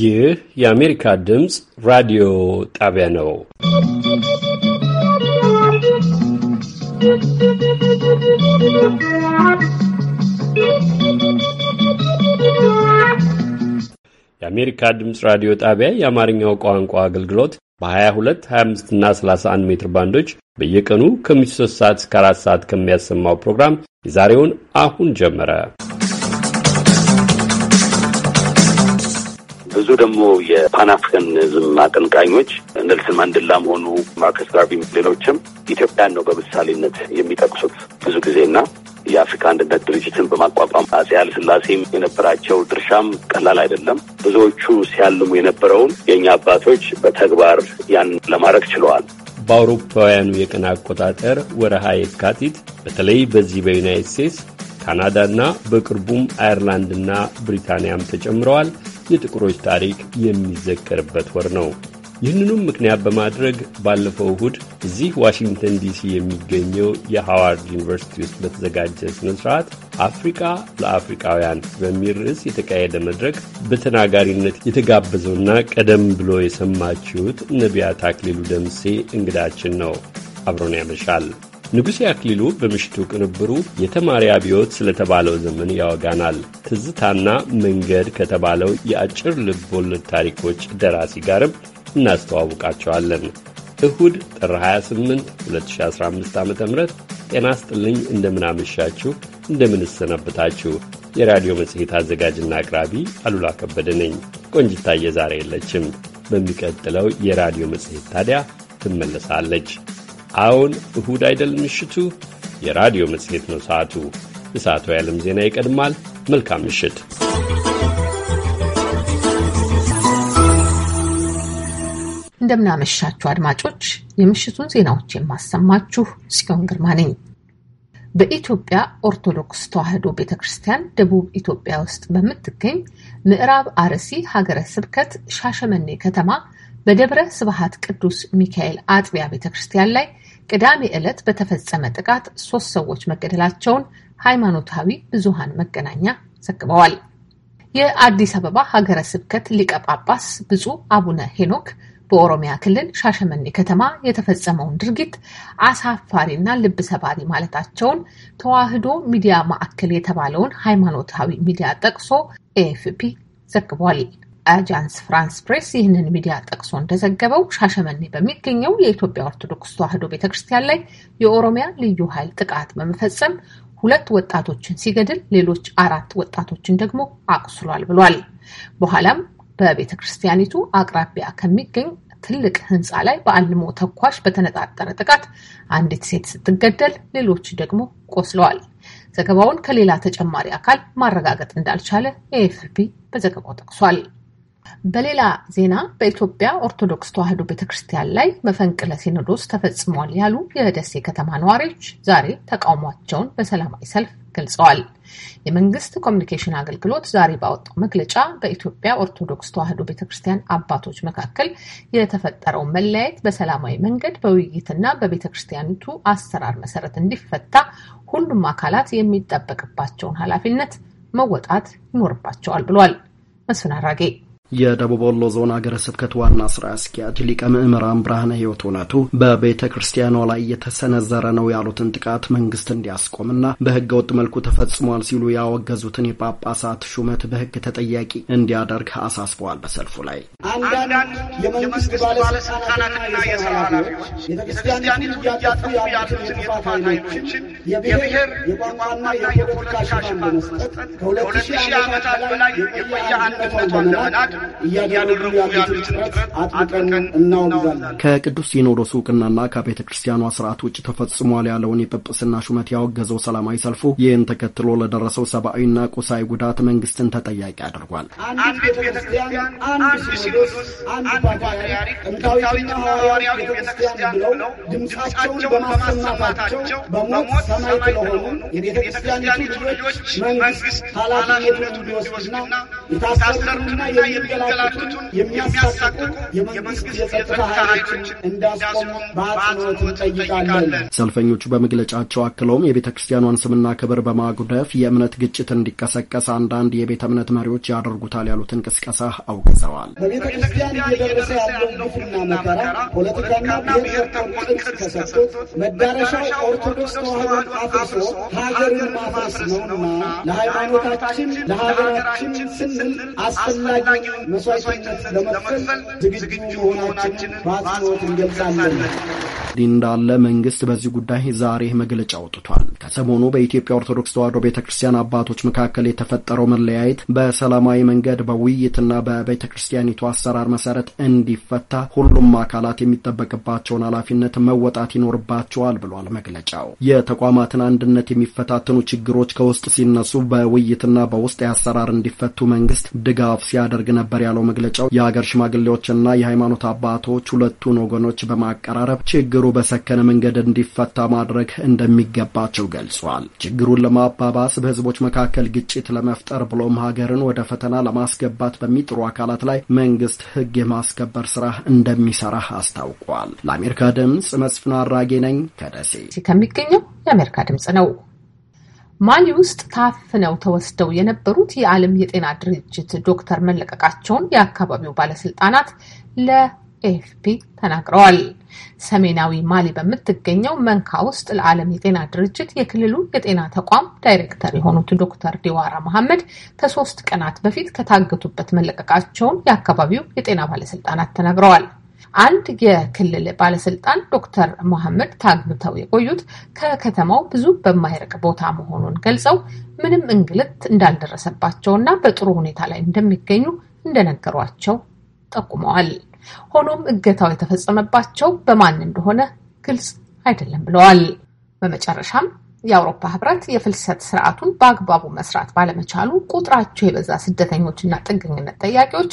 ይህ የአሜሪካ ድምፅ ራዲዮ ጣቢያ ነው። የአሜሪካ ድምፅ ራዲዮ ጣቢያ የአማርኛው ቋንቋ አገልግሎት በ22፣ 25 እና 31 ሜትር ባንዶች በየቀኑ ከምሽቱ 3 ሰዓት እስከ 4 ሰዓት ከሚያሰማው ፕሮግራም የዛሬውን አሁን ጀመረ። ብዙ ደግሞ የፓን አፍሪካኒዝም አቀንቃኞች ኔልሰን ማንዴላም ሆኑ ማርከስ ጋርቪም ሌሎችም ኢትዮጵያን ነው በምሳሌነት የሚጠቅሱት ብዙ ጊዜና የአፍሪካ አንድነት ድርጅትን በማቋቋም አፄ ኃይለ ሥላሴም የነበራቸው ድርሻም ቀላል አይደለም። ብዙዎቹ ሲያልሙ የነበረውን የእኛ አባቶች በተግባር ያን ለማድረግ ችለዋል። በአውሮፓውያኑ የቀን አቆጣጠር ወረሃ የካቲት በተለይ በዚህ በዩናይት ስቴትስ ካናዳና በቅርቡም አየርላንድና ብሪታንያም ተጨምረዋል። የጥቁሮች ታሪክ የሚዘከርበት ወር ነው። ይህንኑም ምክንያት በማድረግ ባለፈው እሁድ እዚህ ዋሽንግተን ዲሲ የሚገኘው የሃዋርድ ዩኒቨርሲቲ ውስጥ በተዘጋጀ ስነ ስርዓት አፍሪቃ ለአፍሪቃውያን በሚል ርዕስ የተካሄደ መድረክ በተናጋሪነት የተጋበዘውና ቀደም ብሎ የሰማችሁት ነቢያት አክሊሉ ደምሴ እንግዳችን ነው። አብሮን ያመሻል። ንጉሴ አክሊሉ በምሽቱ ቅንብሩ የተማሪ አብዮት ስለተባለው ዘመን ያወጋናል። ትዝታና መንገድ ከተባለው የአጭር ልብ ወለድ ታሪኮች ደራሲ ጋርም እናስተዋውቃቸዋለን። እሁድ ጥር 28 2015 ዓ ም ጤና ስጥልኝ። እንደምናመሻችሁ፣ እንደምንሰነብታችሁ የራዲዮ መጽሔት አዘጋጅና አቅራቢ አሉላ ከበደ ነኝ። ቆንጅታዬ ዛሬ የለችም። በሚቀጥለው የራዲዮ መጽሔት ታዲያ ትመለሳለች። አሁን እሁድ አይደል ምሽቱ? የራዲዮ መጽሔት ነው ሰዓቱ። የሰዓቱ የዓለም ዜና ይቀድማል። መልካም ምሽት። እንደምናመሻችሁ አድማጮች፣ የምሽቱን ዜናዎች የማሰማችሁ ሲሆን ግርማ ነኝ። በኢትዮጵያ ኦርቶዶክስ ተዋሕዶ ቤተ ክርስቲያን ደቡብ ኢትዮጵያ ውስጥ በምትገኝ ምዕራብ አርሲ ሀገረ ስብከት ሻሸመኔ ከተማ በደብረ ስብሐት ቅዱስ ሚካኤል አጥቢያ ቤተ ክርስቲያን ላይ ቅዳሜ ዕለት በተፈጸመ ጥቃት ሶስት ሰዎች መገደላቸውን ሃይማኖታዊ ብዙሃን መገናኛ ዘግበዋል። የአዲስ አበባ ሀገረ ስብከት ሊቀ ጳጳስ ብፁዕ አቡነ ሄኖክ በኦሮሚያ ክልል ሻሸመኔ ከተማ የተፈጸመውን ድርጊት አሳፋሪና ልብ ሰባሪ ማለታቸውን ተዋህዶ ሚዲያ ማዕከል የተባለውን ሃይማኖታዊ ሚዲያ ጠቅሶ ኤኤፍፒ ዘግቧል። አጃንስ ፍራንስ ፕሬስ ይህንን ሚዲያ ጠቅሶ እንደዘገበው ሻሸመኔ በሚገኘው የኢትዮጵያ ኦርቶዶክስ ተዋሕዶ ቤተክርስቲያን ላይ የኦሮሚያ ልዩ ኃይል ጥቃት በመፈጸም ሁለት ወጣቶችን ሲገድል ሌሎች አራት ወጣቶችን ደግሞ አቁስሏል ብሏል። በኋላም በቤተ ክርስቲያኒቱ አቅራቢያ ከሚገኝ ትልቅ ሕንፃ ላይ በአልሞ ተኳሽ በተነጣጠረ ጥቃት አንዲት ሴት ስትገደል፣ ሌሎች ደግሞ ቆስለዋል። ዘገባውን ከሌላ ተጨማሪ አካል ማረጋገጥ እንዳልቻለ ኤኤፍፒ በዘገባው ጠቅሷል። በሌላ ዜና በኢትዮጵያ ኦርቶዶክስ ተዋሕዶ ቤተክርስቲያን ላይ መፈንቅለ ሲኖዶስ ተፈጽሟል ያሉ የደሴ ከተማ ነዋሪዎች ዛሬ ተቃውሟቸውን በሰላማዊ ሰልፍ ገልጸዋል። የመንግስት ኮሚኒኬሽን አገልግሎት ዛሬ ባወጣው መግለጫ በኢትዮጵያ ኦርቶዶክስ ተዋሕዶ ቤተክርስቲያን አባቶች መካከል የተፈጠረው መለያየት በሰላማዊ መንገድ በውይይትና በቤተክርስቲያኒቱ አሰራር መሰረት እንዲፈታ ሁሉም አካላት የሚጠበቅባቸውን ኃላፊነት መወጣት ይኖርባቸዋል ብሏል። መስፍን አራጌ የደቡብ ወሎ ዞን ሀገረ ስብከት ዋና ስራ አስኪያጅ ሊቀ ምዕምራን ብርሃነ ህይወት እውነቱ በቤተ ክርስቲያኗ ላይ የተሰነዘረ ነው ያሉትን ጥቃት መንግስት እንዲያስቆምና በህገ ወጥ መልኩ ተፈጽሟል ሲሉ ያወገዙትን የጳጳሳት ሹመት በህግ ተጠያቂ እንዲያደርግ አሳስበዋል። በሰልፉ ላይ አንዳንድ የመንግስት ባለስልጣናትና የስራ ኃላፊዎች ቤተክርስቲያንን እያጠፉ ያሉትን የጥፋት ኃይሎችን የብሔር የቋንቋና የፖለቲካ ሽፋን በመስጠት ከሁለት ሺህ ዓመታት በላይ የቆየ አንድነቷን ለመናድ እያደረጉ ያሉትን ጥረት አጥብቀን እናወግዛለን። ከቅዱስ ሲኖዶስ እውቅናና ከቤተ ክርስቲያኗ ስርዓት ውጭ ተፈጽሟል ያለውን የጵጵስና ሹመት ያወገዘው ሰላማዊ ሰልፉ ይህን ተከትሎ ለደረሰው ሰብአዊና ቁሳዊ ጉዳት መንግስትን ተጠያቂ አድርጓል። አንድ ቤተ ክርስቲያን፣ አንድ ሲኖዶስ፣ አንድ ፓትርያርክ ጥንታዊና ሐዋርያዊ ቤተ ክርስቲያን ብለው ድምፃቸውን በማሰማታቸው በሞት የቤተ ክርስቲያኒቱ ልጆች መንግስት ኃላፊነቱን የታሰሩትና የሚንገላቱትን የሚያሳቅቁ የመንግስት የጸጥታ ኃይሎች እንዳስቆሙ በአጽንኦት እንጠይቃለን። ሰልፈኞቹ በመግለጫቸው አክለውም የቤተ ክርስቲያኗን ስምና ክብር በማጉደፍ የእምነት ግጭት እንዲቀሰቀስ አንዳንድ የቤተ እምነት መሪዎች ያደርጉታል ያሉት እንቅስቀሳ አውግዘዋል። በቤተ ክርስቲያን እየደረሰ ያለው ግፍና መከራ ፖለቲካና ብሔር ተኮር ቅርጽ መዳረሻው ኦርቶዶክስ ተዋሕዶን አፍርሶ ሀገርን ማፍረስ ነውና ለሃይማኖታችን ለሀገራችን ስንል አስፈላጊ መስዋዕትነት ለመክፈል ዝግጁ መሆናችንን በአጽንኦት እንገልጻለን። እንዳለ መንግስት በዚህ ጉዳይ ዛሬ መግለጫ አውጥቷል። ከሰሞኑ በኢትዮጵያ ኦርቶዶክስ ተዋሕዶ ቤተ ክርስቲያን አባቶች መካከል የተፈጠረው መለያየት በሰላማዊ መንገድ በውይይትና በቤተ ክርስቲያኒቱ አሰራር መሰረት እንዲፈታ ሁሉም አካላት የሚጠበቅባቸውን ኃላፊነት መወጣት ይኖርባቸዋል ብሏል መግለጫው። የተቋማትን አንድነት የሚፈታተኑ ችግሮች ከውስጥ ሲነሱ በውይይትና በውስጥ የአሰራር እንዲፈቱ መንግስት ድጋፍ ሲያደርግ ነበር ነበር ያለው መግለጫው። የሀገር ሽማግሌዎችና የሃይማኖት አባቶች ሁለቱን ወገኖች በማቀራረብ ችግሩ በሰከነ መንገድ እንዲፈታ ማድረግ እንደሚገባቸው ገልጿል። ችግሩን ለማባባስ በህዝቦች መካከል ግጭት ለመፍጠር ብሎም ሀገርን ወደ ፈተና ለማስገባት በሚጥሩ አካላት ላይ መንግስት ህግ የማስከበር ስራ እንደሚሰራ አስታውቋል። ለአሜሪካ ድምጽ መስፍን አራጌ ነኝ ከደሴ ከሚገኘው የአሜሪካ ድምጽ ነው። ማሊ ውስጥ ታፍነው ተወስደው የነበሩት የዓለም የጤና ድርጅት ዶክተር መለቀቃቸውን የአካባቢው ባለስልጣናት ለኤፍፒ ተናግረዋል። ሰሜናዊ ማሊ በምትገኘው መንካ ውስጥ ለዓለም የጤና ድርጅት የክልሉ የጤና ተቋም ዳይሬክተር የሆኑት ዶክተር ዲዋራ መሐመድ ከሶስት ቀናት በፊት ከታገቱበት መለቀቃቸውን የአካባቢው የጤና ባለስልጣናት ተናግረዋል። አንድ የክልል ባለስልጣን ዶክተር መሐመድ ታግብተው የቆዩት ከከተማው ብዙ በማይርቅ ቦታ መሆኑን ገልጸው ምንም እንግልት እንዳልደረሰባቸውና በጥሩ ሁኔታ ላይ እንደሚገኙ እንደነገሯቸው ጠቁመዋል። ሆኖም እገታው የተፈጸመባቸው በማን እንደሆነ ግልጽ አይደለም ብለዋል። በመጨረሻም የአውሮፓ ህብረት የፍልሰት ስርዓቱን በአግባቡ መስራት ባለመቻሉ ቁጥራቸው የበዛ ስደተኞችና ጥገኝነት ጠያቂዎች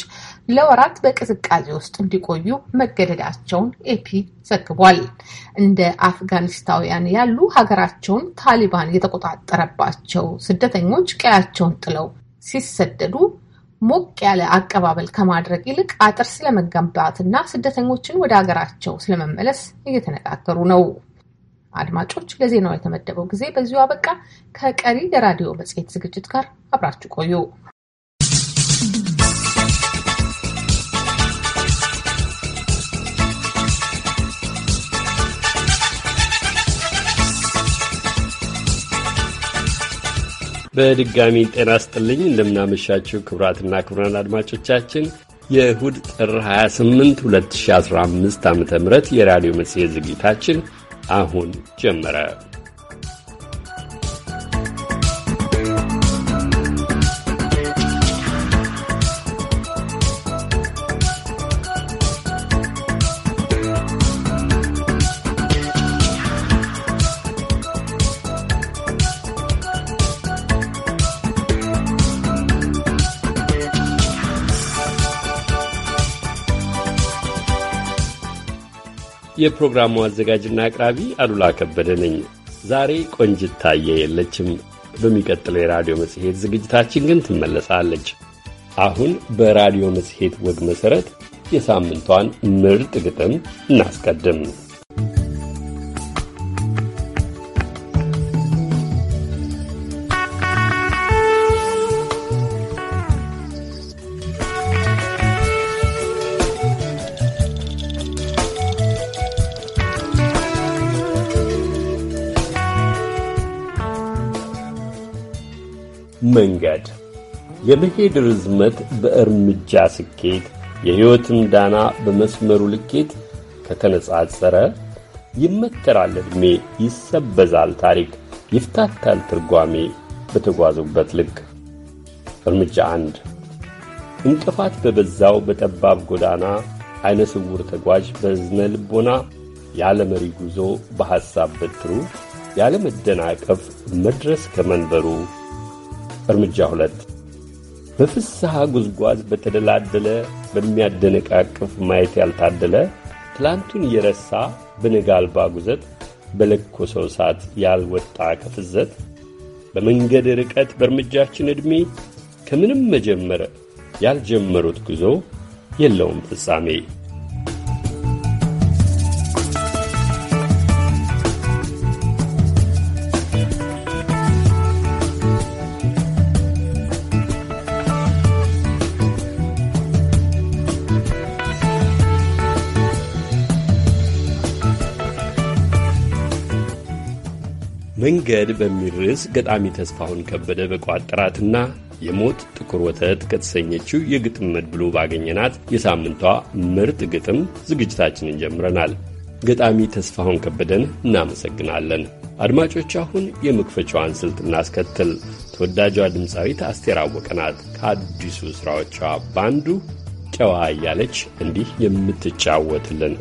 ለወራት በቅዝቃዜ ውስጥ እንዲቆዩ መገደዳቸውን ኤፒ ዘግቧል። እንደ አፍጋኒስታውያን ያሉ ሀገራቸውን ታሊባን የተቆጣጠረባቸው ስደተኞች ቀያቸውን ጥለው ሲሰደዱ ሞቅ ያለ አቀባበል ከማድረግ ይልቅ አጥር ስለመገንባትና ስደተኞችን ወደ ሀገራቸው ስለመመለስ እየተነጋገሩ ነው። አድማጮች፣ ለዜናው የተመደበው ጊዜ በዚሁ አበቃ። ከቀሪ የራዲዮ መጽሔት ዝግጅት ጋር አብራችሁ ቆዩ። በድጋሚ ጤና ስጥልኝ። እንደምናመሻችው ክቡራትና ክቡራን አድማጮቻችን የእሁድ ጥር 28 2015 ዓ ም የራዲዮ መጽሔት ዝግጅታችን አሁን ጀመረ። የፕሮግራሙ አዘጋጅና አቅራቢ አሉላ ከበደ ነኝ። ዛሬ ቆንጅት ታየ የለችም። በሚቀጥለው የራዲዮ መጽሔት ዝግጅታችን ግን ትመለሳለች። አሁን በራዲዮ መጽሔት ወግ መሠረት የሳምንቷን ምርጥ ግጥም እናስቀድም። መንገድ የመሄድ ርዝመት በእርምጃ ስኬት የሕይወትም ዳና በመስመሩ ልኬት ከተነጻጸረ ይመከራል ዕድሜ፣ ይሰበዛል ታሪክ፣ ይፍታታል ትርጓሜ በተጓዙበት ልክ። እርምጃ አንድ እንቅፋት በበዛው በጠባብ ጎዳና ዐይነ ስውር ተጓዥ በዝነ ልቦና ያለ መሪ ጉዞ በሐሳብ በትሩ ያለ መደናቀፍ መድረስ ከመንበሩ እርምጃ ሁለት በፍስሐ ጉዝጓዝ በተደላደለ በሚያደነቃቅፍ ማየት ያልታደለ ትላንቱን የረሳ በነጋ አልባ ጉዘት በለኮሰው ሰዓት ያልወጣ ከፍዘት በመንገድ ርቀት በእርምጃችን ዕድሜ ከምንም መጀመር ያልጀመሩት ጉዞ የለውም ፍጻሜ መንገድ በሚል ርዕስ ገጣሚ ተስፋሁን ከበደ በቋጠራትና የሞት ጥቁር ወተት ከተሰኘችው የግጥም ብሎ ባገኘናት የሳምንቷ ምርጥ ግጥም ዝግጅታችንን ጀምረናል። ገጣሚ ተስፋሁን ከበደን እናመሰግናለን። አድማጮች፣ አሁን የመክፈቻዋን ስልት እናስከትል። ተወዳጇ ድምፃዊት አስቴር አወቀ ናት። ከአዲሱ ሥራዎቿ በአንዱ ጨዋ እያለች እንዲህ የምትጫወትልን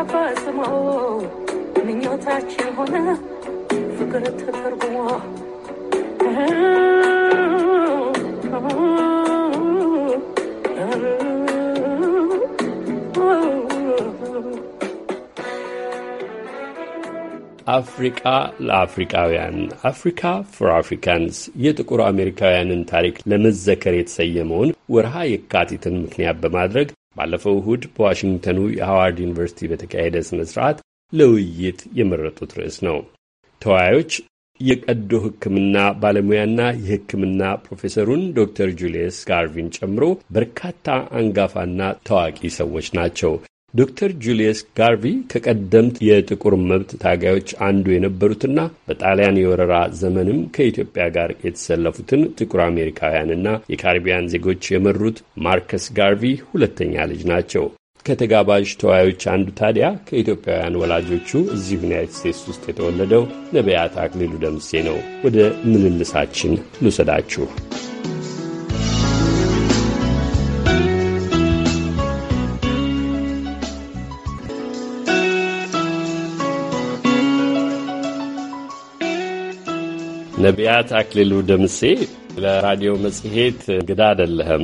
ገባ ምኞታችን ሆነ ፍቅር ተተርጉሞ አፍሪቃ ለአፍሪካውያን አፍሪካ ፎር አፍሪካንስ የጥቁር አሜሪካውያንን ታሪክ ለመዘከር የተሰየመውን ወርሃ የካቲትን ምክንያት በማድረግ ባለፈው እሁድ በዋሽንግተኑ የሃዋርድ ዩኒቨርሲቲ በተካሄደ ስነ ስርዓት ለውይይት የመረጡት ርዕስ ነው። ተወያዮች የቀዶ ሕክምና ባለሙያና የሕክምና ፕሮፌሰሩን ዶክተር ጁልየስ ጋርቪን ጨምሮ በርካታ አንጋፋና ታዋቂ ሰዎች ናቸው። ዶክተር ጁልየስ ጋርቪ ከቀደምት የጥቁር መብት ታጋዮች አንዱ የነበሩትና በጣሊያን የወረራ ዘመንም ከኢትዮጵያ ጋር የተሰለፉትን ጥቁር አሜሪካውያንና የካሪቢያን ዜጎች የመሩት ማርከስ ጋርቪ ሁለተኛ ልጅ ናቸው። ከተጋባዥ ተወያዮች አንዱ ታዲያ ከኢትዮጵያውያን ወላጆቹ እዚህ ዩናይት ስቴትስ ውስጥ የተወለደው ነቢያት አክሊሉ ደምሴ ነው። ወደ ምልልሳችን ልውሰዳችሁ። ነቢያት አክሊሉ ደምሴ ለራዲዮ መጽሔት እንግዳ አይደለህም።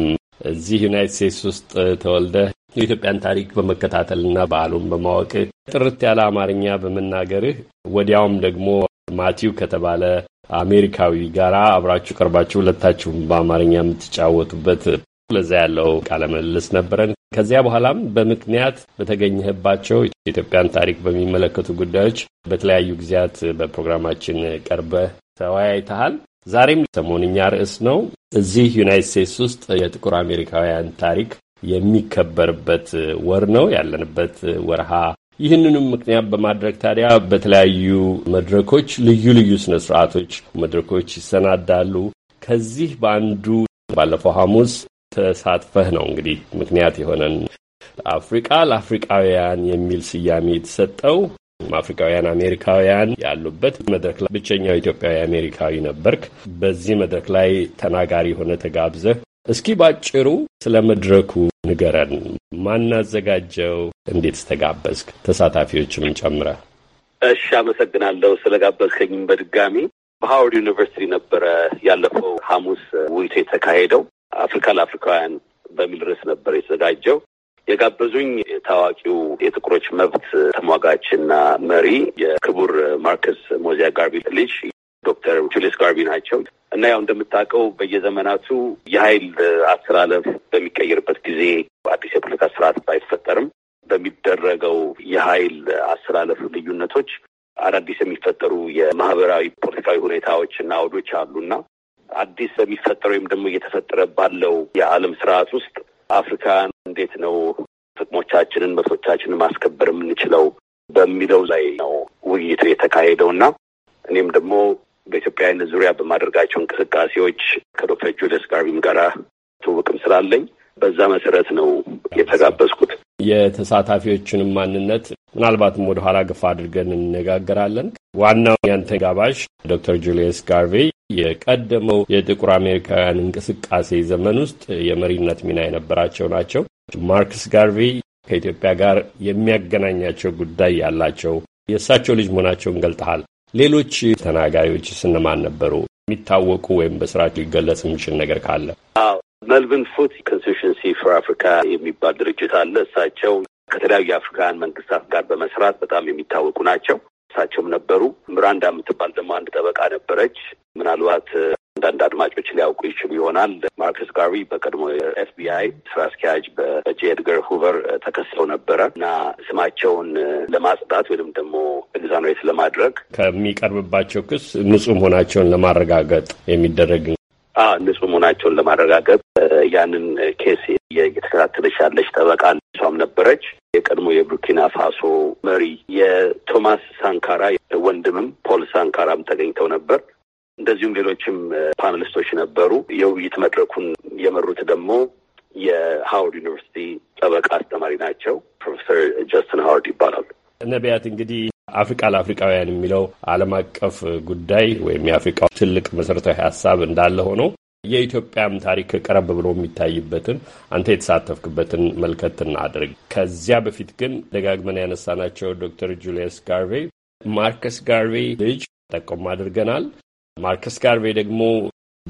እዚህ ዩናይት ስቴትስ ውስጥ ተወልደህ የኢትዮጵያን ታሪክ በመከታተልና በዓሉን በማወቅ ጥርት ያለ አማርኛ በመናገርህ ወዲያውም ደግሞ ማቲው ከተባለ አሜሪካዊ ጋራ አብራችሁ ቀርባችሁ ሁለታችሁም በአማርኛ የምትጫወቱበት ለዛ ያለው ቃለ ምልልስ ነበረን። ከዚያ በኋላም በምክንያት በተገኘህባቸው ኢትዮጵያን ታሪክ በሚመለከቱ ጉዳዮች በተለያዩ ጊዜያት በፕሮግራማችን ቀርበህ ተወያይተሃል። ዛሬም ሰሞንኛ ርዕስ ነው። እዚህ ዩናይት ስቴትስ ውስጥ የጥቁር አሜሪካውያን ታሪክ የሚከበርበት ወር ነው ያለንበት ወርሃ። ይህንንም ምክንያት በማድረግ ታዲያ በተለያዩ መድረኮች ልዩ ልዩ ስነስርዓቶች፣ መድረኮች ይሰናዳሉ። ከዚህ በአንዱ ባለፈው ሐሙስ ተሳትፈህ ነው እንግዲህ ምክንያት የሆነን አፍሪቃ ለአፍሪቃውያን የሚል ስያሜ የተሰጠው አፍሪካውያን አሜሪካውያን ያሉበት መድረክ ላይ ብቸኛው ኢትዮጵያዊ አሜሪካዊ ነበርክ። በዚህ መድረክ ላይ ተናጋሪ ሆነ ተጋብዘህ እስኪ ባጭሩ ስለ መድረኩ ንገረን። ማናዘጋጀው? እንዴት ተጋበዝክ? ተሳታፊዎችንም ጨምረ። እሺ፣ አመሰግናለሁ ስለጋበዝከኝም። በድጋሚ በሃዋርድ ዩኒቨርሲቲ ነበረ ያለፈው ሐሙስ ውይይቱ የተካሄደው። አፍሪካ ለአፍሪካውያን በሚል ርዕስ ነበር የተዘጋጀው። የጋበዙኝ ታዋቂው የጥቁሮች መብት ተሟጋችና መሪ የክቡር ማርከስ ሞዚያ ጋርቢ ልጅ ዶክተር ጁሊስ ጋርቢ ናቸው እና ያው እንደምታውቀው በየዘመናቱ የኃይል አሰላለፍ በሚቀየርበት ጊዜ አዲስ የፖለቲካ ስርዓት ባይፈጠርም በሚደረገው የኃይል አሰላለፍ ልዩነቶች አዳዲስ የሚፈጠሩ የማህበራዊ ፖለቲካዊ ሁኔታዎች እና አውዶች አሉና አዲስ በሚፈጠር ወይም ደግሞ እየተፈጠረ ባለው የዓለም ስርዓት ውስጥ አፍሪካ እንዴት ነው ጥቅሞቻችንን መብቶቻችንን ማስከበር የምንችለው በሚለው ላይ ነው ውይይቱ የተካሄደው እና እኔም ደግሞ በኢትዮጵያዊነት ዙሪያ በማደርጋቸው እንቅስቃሴዎች ከዶክተር ጁልስ ጋርቢም ጋር ትውቅም ስላለኝ በዛ መሰረት ነው የተጋበዝኩት። የተሳታፊዎቹንም ማንነት ምናልባትም ወደ ኋላ አድርገን እንነጋገራለን። ዋናው ያንተ ጋባዥ ዶክተር ጁልየስ ጋርቬይ የቀደመው የጥቁር አሜሪካውያን እንቅስቃሴ ዘመን ውስጥ የመሪነት ሚና የነበራቸው ናቸው። ማርክስ ጋርቬ ከኢትዮጵያ ጋር የሚያገናኛቸው ጉዳይ ያላቸው የእሳቸው ልጅ መሆናቸውን ገልጠሃል። ሌሎች ተናጋሪዎች ስንማን ነበሩ? የሚታወቁ ወይም በስራቸው ሊገለጽ የሚችል ነገር ካለ? አዎ መልቪን ፉት ኮንስቲቱሽንሲ ፎር አፍሪካ የሚባል ድርጅት አለ። እሳቸው ከተለያዩ የአፍሪካውያን መንግስታት ጋር በመስራት በጣም የሚታወቁ ናቸው። እሳቸውም ነበሩ። ምራንዳ የምትባል ደግሞ አንድ ጠበቃ ነበረች። ምናልባት አንዳንድ አድማጮች ሊያውቁ ይችሉ ይሆናል። ማርከስ ጋሪ በቀድሞ ኤፍቢአይ ስራ አስኪያጅ በጄ ኤድገር ሁቨር ተከሰው ነበረ እና ስማቸውን ለማጽዳት ወይም ደግሞ ኤግዛኖሬት ለማድረግ ከሚቀርብባቸው ክስ ንጹህ መሆናቸውን ለማረጋገጥ የሚደረግ ንጹህ መሆናቸውን ለማረጋገጥ ያንን ኬስ እየተከታተለች ያለች ጠበቃ እሷም ነበረች። የቀድሞ የቡርኪና ፋሶ መሪ የቶማስ ሳንካራ ወንድምም ፖል ሳንካራም ተገኝተው ነበር። እንደዚሁም ሌሎችም ፓነሊስቶች ነበሩ። የውይይት መድረኩን የመሩት ደግሞ የሃዋርድ ዩኒቨርሲቲ ጠበቃ አስተማሪ ናቸው። ፕሮፌሰር ጀስትን ሃዋርድ ይባላሉ። ነቢያት እንግዲህ አፍሪቃ ለአፍሪቃውያን የሚለው ዓለም አቀፍ ጉዳይ ወይም የአፍሪቃ ትልቅ መሰረታዊ ሀሳብ እንዳለ ሆኖ የኢትዮጵያም ታሪክ ቀረብ ብሎ የሚታይበትን አንተ የተሳተፍክበትን መልከት እናድርግ። ከዚያ በፊት ግን ደጋግመን ያነሳናቸው ዶክተር ጁልየስ ጋርቬ፣ ማርከስ ጋርቬ ልጅ ጠቆም አድርገናል። ማርከስ ጋርቬ ደግሞ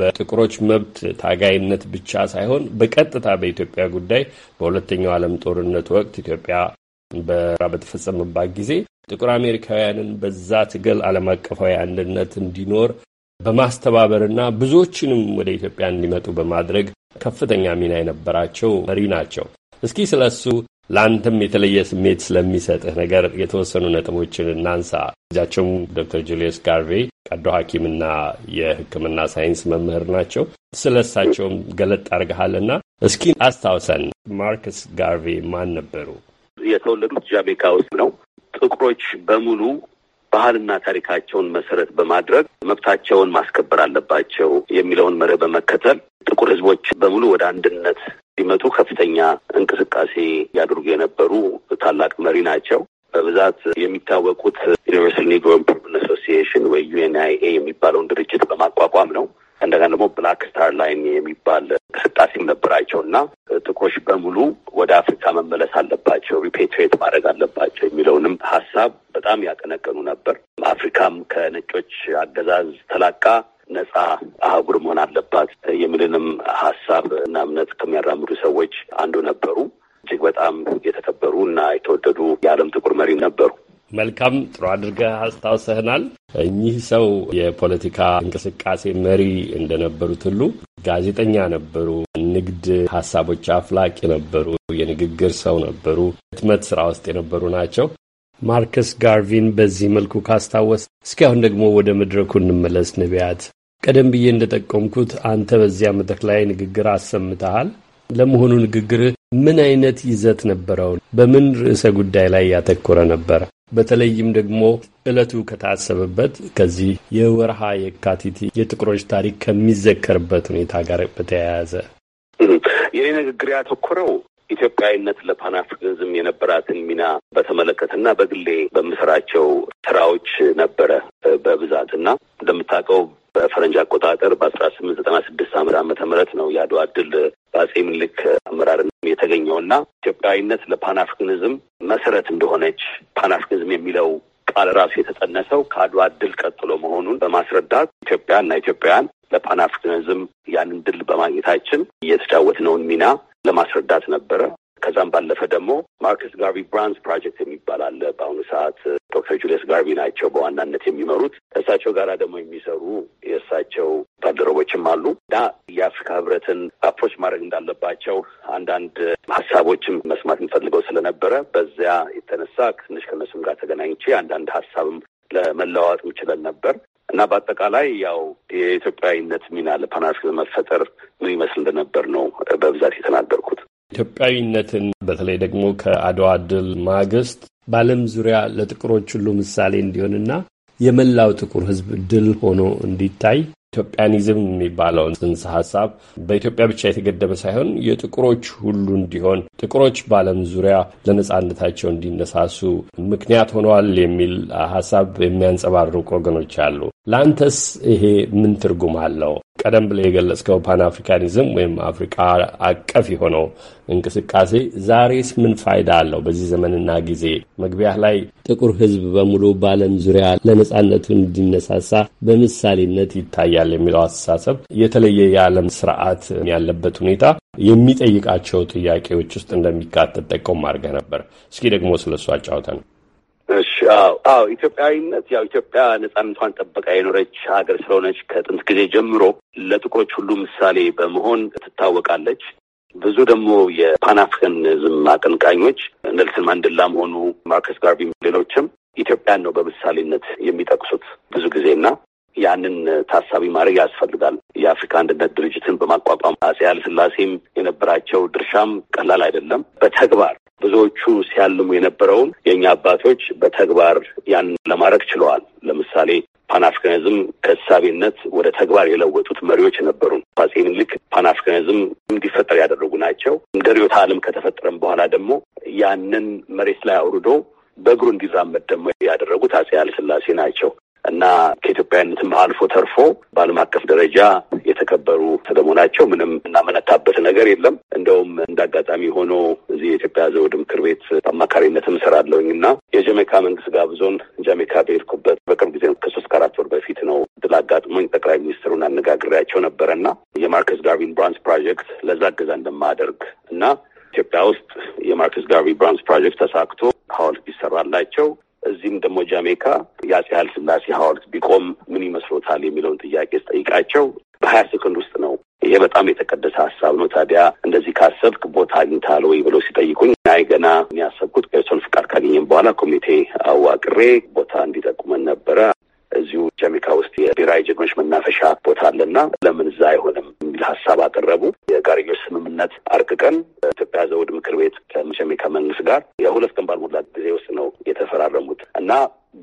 በጥቁሮች መብት ታጋይነት ብቻ ሳይሆን በቀጥታ በኢትዮጵያ ጉዳይ በሁለተኛው ዓለም ጦርነት ወቅት ኢትዮጵያ በራ በተፈጸመባት ጊዜ ጥቁር አሜሪካውያንን በዛ ትግል ዓለም አቀፋዊ አንድነት እንዲኖር በማስተባበርና ብዙዎችንም ወደ ኢትዮጵያ እንዲመጡ በማድረግ ከፍተኛ ሚና የነበራቸው መሪ ናቸው። እስኪ ስለ እሱ ለአንተም የተለየ ስሜት ስለሚሰጥህ ነገር የተወሰኑ ነጥቦችን እናንሳ። ልጃቸውም ዶክተር ጁልየስ ጋርቬ ቀዶ ሐኪምና የሕክምና ሳይንስ መምህር ናቸው። ስለ እሳቸውም ገለጥ አድርገሃልና እስኪ አስታውሰን። ማርክስ ጋርቬ ማን ነበሩ? የተወለዱት ጃሜካ ውስጥ ነው። ጥቁሮች በሙሉ ባህልና ታሪካቸውን መሰረት በማድረግ መብታቸውን ማስከበር አለባቸው የሚለውን መርህ በመከተል ጥቁር ህዝቦች በሙሉ ወደ አንድነት ሊመጡ ከፍተኛ እንቅስቃሴ ያድርጉ የነበሩ ታላቅ መሪ ናቸው። በብዛት የሚታወቁት ዩኒቨርሳል ኒግሮ ኢምፕሩቭመንት አሶሲዬሽን ወይ ዩኤንአይኤ የሚባለውን ድርጅት በማቋቋም ነው። እንደገና ደግሞ ብላክ ስታር ላይን የሚባል እንቅስቃሴም ነበራቸው እና ጥቁሮች በሙሉ ወደ አፍሪካ መመለስ አለባቸው፣ ሪፔትሬት ማድረግ አለባቸው የሚለውንም ሀሳብ በጣም ያቀነቀኑ ነበር። አፍሪካም ከነጮች አገዛዝ ተላቃ ነጻ አህጉር መሆን አለባት የሚልንም ሀሳብ እና እምነት ከሚያራምዱ ሰዎች አንዱ ነበሩ። እጅግ በጣም የተከበሩ እና የተወደዱ የዓለም ጥቁር መሪ ነበሩ። መልካም ጥሩ አድርገህ አስታውሰህናል። እኚህ ሰው የፖለቲካ እንቅስቃሴ መሪ እንደነበሩት ሁሉ ጋዜጠኛ ነበሩ፣ ንግድ ሀሳቦች አፍላቂ ነበሩ፣ የንግግር ሰው ነበሩ፣ ህትመት ስራ ውስጥ የነበሩ ናቸው። ማርከስ ጋርቪን በዚህ መልኩ ካስታወስ፣ እስኪ አሁን ደግሞ ወደ መድረኩ እንመለስ። ነቢያት፣ ቀደም ብዬ እንደጠቆምኩት አንተ በዚያ መድረክ ላይ ንግግር አሰምተሃል። ለመሆኑ ንግግርህ ምን አይነት ይዘት ነበረው? በምን ርዕሰ ጉዳይ ላይ ያተኮረ ነበረ? በተለይም ደግሞ እለቱ ከታሰበበት ከዚህ የወርሃ የካቲት የጥቁሮች ታሪክ ከሚዘከርበት ሁኔታ ጋር በተያያዘ የኔ ንግግር ያተኮረው ኢትዮጵያዊነት ለፓን አፍሪካኒዝም የነበራትን ሚና በተመለከተና በግሌ በምሰራቸው ስራዎች ነበረ በብዛት እና እንደምታውቀው በፈረንጅ አቆጣጠር በአስራ ስምንት ዘጠና ስድስት አመተ ምህረት ነው የአድዋ ድል በአጼ ምኒልክ አመራር የተገኘው እና ኢትዮጵያዊነት ለፓን መሰረት እንደሆነች ፓን የሚለው ቃል ራሱ የተጸነሰው ከአድዋ ድል ቀጥሎ መሆኑን በማስረዳት ኢትዮጵያና ኢትዮጵያውያን ለፓን ያንን ድል በማግኘታችን እየተጫወትነውን ሚና ለማስረዳት ነበረ። ከዛም ባለፈ ደግሞ ማርከስ ጋርቪ ብራንስ ፕሮጀክት የሚባል አለ። በአሁኑ ሰዓት ዶክተር ጁልየስ ጋርቪ ናቸው በዋናነት የሚመሩት። እሳቸው ጋር ደግሞ የሚሰሩ የእሳቸው ባልደረቦችም አሉ እና የአፍሪካ ህብረትን አፕሮች ማድረግ እንዳለባቸው አንዳንድ ሀሳቦችም መስማት የምፈልገው ስለነበረ በዚያ የተነሳ ትንሽ ከነሱም ጋር ተገናኝቼ አንዳንድ ሀሳብም ለመለዋወጥ ምችለን ነበር እና በአጠቃላይ ያው የኢትዮጵያዊነት ሚና ለፓን መፈጠር ምን ይመስል እንደነበር ነው በብዛት የተናገርኩት። ኢትዮጵያዊነትን በተለይ ደግሞ ከአድዋ ድል ማግስት በዓለም ዙሪያ ለጥቁሮች ሁሉ ምሳሌ እንዲሆንና የመላው ጥቁር ሕዝብ ድል ሆኖ እንዲታይ ኢትዮጵያኒዝም የሚባለውን ጽንሰ ሀሳብ በኢትዮጵያ ብቻ የተገደበ ሳይሆን የጥቁሮች ሁሉ እንዲሆን ጥቁሮች በዓለም ዙሪያ ለነጻነታቸው እንዲነሳሱ ምክንያት ሆነዋል የሚል ሀሳብ የሚያንጸባርቁ ወገኖች አሉ። ለአንተስ ይሄ ምን ትርጉም አለው? ቀደም ብለ የገለጽከው ፓን አፍሪካኒዝም ወይም አፍሪካ አቀፍ የሆነው እንቅስቃሴ ዛሬስ ምን ፋይዳ አለው? በዚህ ዘመንና ጊዜ መግቢያ ላይ ጥቁር ሕዝብ በሙሉ በዓለም ዙሪያ ለነጻነቱ እንዲነሳሳ በምሳሌነት ይታያል የሚለው አስተሳሰብ የተለየ የዓለም ስርዓት ያለበት ሁኔታ የሚጠይቃቸው ጥያቄዎች ውስጥ እንደሚካተት ጠቆም አድርገህ ነበር። እስኪ ደግሞ ስለሱ አጫውተን ነው እሺ አዎ አዎ ኢትዮጵያዊነት ያው ኢትዮጵያ ነጻነቷን ጠበቃ የኖረች ሀገር ስለሆነች ከጥንት ጊዜ ጀምሮ ለጥቁሮች ሁሉ ምሳሌ በመሆን ትታወቃለች። ብዙ ደግሞ የፓን አቀንቃኞች ኔልሰን ማንዴላም ሆኑ ማርከስ ጋርቢ፣ ሌሎችም ኢትዮጵያን ነው በምሳሌነት የሚጠቅሱት ብዙ ጊዜና ያንን ታሳቢ ማድረግ ያስፈልጋል። የአፍሪካ አንድነት ድርጅትን በማቋቋም አፄ ስላሴም የነበራቸው ድርሻም ቀላል አይደለም። በተግባር ብዙዎቹ ሲያልሙ የነበረውን የእኛ አባቶች በተግባር ያን ለማድረግ ችለዋል። ለምሳሌ ፓንአፍሪካኒዝም ከሳቢነት ወደ ተግባር የለወጡት መሪዎች ነበሩን። አፄ ምኒልክ ፓንአፍሪካኒዝም እንዲፈጠር ያደረጉ ናቸው። እንደ ርዕዮተ ዓለም ከተፈጠረም በኋላ ደግሞ ያንን መሬት ላይ አውርዶ በእግሩ እንዲራመድ ደግሞ ያደረጉት አፄ ኃይለ ሥላሴ ናቸው። እና ከኢትዮጵያዊነትም አልፎ ተርፎ በዓለም አቀፍ ደረጃ የተከበሩ ስለመሆናቸው ምንም እናመነታበት ነገር የለም። እንደውም እንደ አጋጣሚ ሆኖ እዚህ የኢትዮጵያ ዘውድ ምክር ቤት አማካሪነትም እሰራለሁኝ እና የጀሜካ መንግስት ጋብዞን ጃሜካ በሄድኩበት በቅርብ ጊዜ ከሶስት ከአራት ወር በፊት ነው ድል አጋጥሞኝ ጠቅላይ ሚኒስትሩን አነጋግሬያቸው ነበረ እና የማርከስ ጋርቪን ብራንስ ፕሮጀክት ለዛ እገዛ እንደማደርግ እና ኢትዮጵያ ውስጥ የማርከስ ጋርቪ ብራንስ ፕሮጀክት ተሳክቶ ሐውልት ቢሰራላቸው እዚህም ደግሞ ጃሜካ የአጼ ኃይለ ሥላሴ ሐውልት ቢቆም ምን ይመስሎታል የሚለውን ጥያቄ ስጠይቃቸው በሀያ ሰከንድ ውስጥ ነው። ይሄ በጣም የተቀደሰ ሀሳብ ነው። ታዲያ እንደዚህ ካሰብክ ቦታ አግኝተሃል ወይ ብለው ሲጠይቁኝ አይ ገና ያሰብኩት ከሰልፍ ፍቃድ ካገኘም በኋላ ኮሚቴ አዋቅሬ ቦታ እንዲጠቁመን ነበረ። እዚሁ ጀሚካ ውስጥ የቢራ ጀግኖች መናፈሻ ቦታ አለና ለምን እዛ አይሆንም የሚል ሀሳብ አቀረቡ። የጋርዮች ስምምነት አርቅቀን ኢትዮጵያ ዘውድ ምክር ቤት ከጀሚካ መንግስት ጋር የሁለት ቀን ባልሞላ ጊዜ ውስጥ ነው የተፈራረሙት እና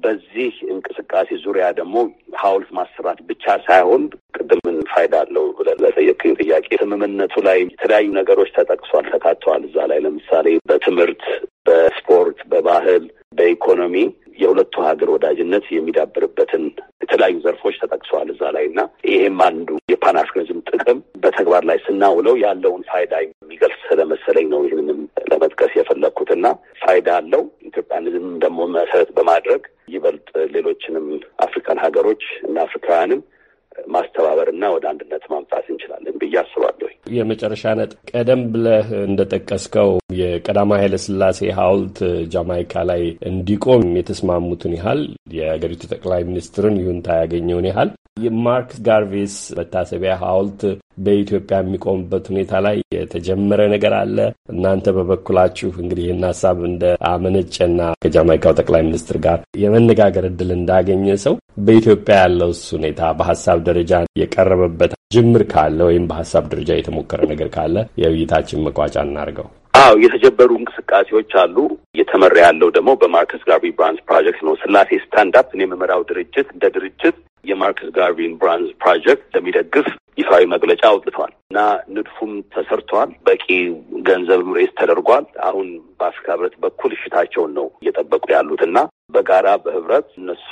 በዚህ እንቅስቃሴ ዙሪያ ደግሞ ሀውልት ማሰራት ብቻ ሳይሆን ቅድምን ፋይዳ አለው ብለህ ለጠየቅኝ ጥያቄ ስምምነቱ ላይ የተለያዩ ነገሮች ተጠቅሷል፣ ተካተዋል። እዛ ላይ ለምሳሌ በትምህርት፣ በስፖርት፣ በባህል፣ በኢኮኖሚ የሁለቱ ሀገር ወዳጅነት የሚዳብርበትን የተለያዩ ዘርፎች ተጠቅሰዋል እዛ ላይ እና ይሄም አንዱ የፓን አፍሪካኒዝም ጥቅም በተግባር ላይ ስናውለው ያለውን ፋይዳ የሚገልጽ ስለመሰለኝ ነው ይህንንም ለመጥቀስ የፈለግኩት እና ፋይዳ አለው። ኢትዮጵያንዝም ደግሞ መሰረት በማድረግ ይበልጥ ሌሎችንም አፍሪካን ሀገሮች እና አፍሪካውያንም ማስተባበርና ወደ አንድነት ማምጣት እንችላለን ብዬ አስባለሁ። የመጨረሻ ነጥብ፣ ቀደም ብለህ እንደጠቀስከው የቀዳማዊ ኃይለስላሴ ሐውልት ጃማይካ ላይ እንዲቆም የተስማሙትን ያህል የሀገሪቱ ጠቅላይ ሚኒስትርን ይሁንታ ያገኘውን ያህል የማርክስ ጋርቬስ መታሰቢያ ሐውልት በኢትዮጵያ የሚቆምበት ሁኔታ ላይ የተጀመረ ነገር አለ። እናንተ በበኩላችሁ እንግዲህ ይህን ሀሳብ እንደ አመነጨና ከጃማይካው ጠቅላይ ሚኒስትር ጋር የመነጋገር እድል እንዳገኘ ሰው በኢትዮጵያ ያለው ሁኔታ በሀሳብ ደረጃ የቀረበበት ጅምር ካለ ወይም በሀሳብ ደረጃ የተሞከረ ነገር ካለ የውይይታችን መቋጫ እናርገው። አዎ የተጀበሩ እንቅስቃሴዎች አሉ። እየተመራ ያለው ደግሞ በማርከስ ጋርቪ ብራንስ ፕሮጀክት ነው። ስላሴ ስታንዳፕ እኔ የምመራው ድርጅት እንደ ድርጅት የማርከስ ጋርቪን ብራንስ ፕሮጀክት እንደሚደግፍ ይፋዊ መግለጫ አውጥቷል እና ንድፉም ተሰርቷል። በቂ ገንዘብ ሬስ ተደርጓል። አሁን በአፍሪካ ህብረት በኩል እሽታቸውን ነው እየጠበቁ ያሉት እና በጋራ በህብረት እነሱ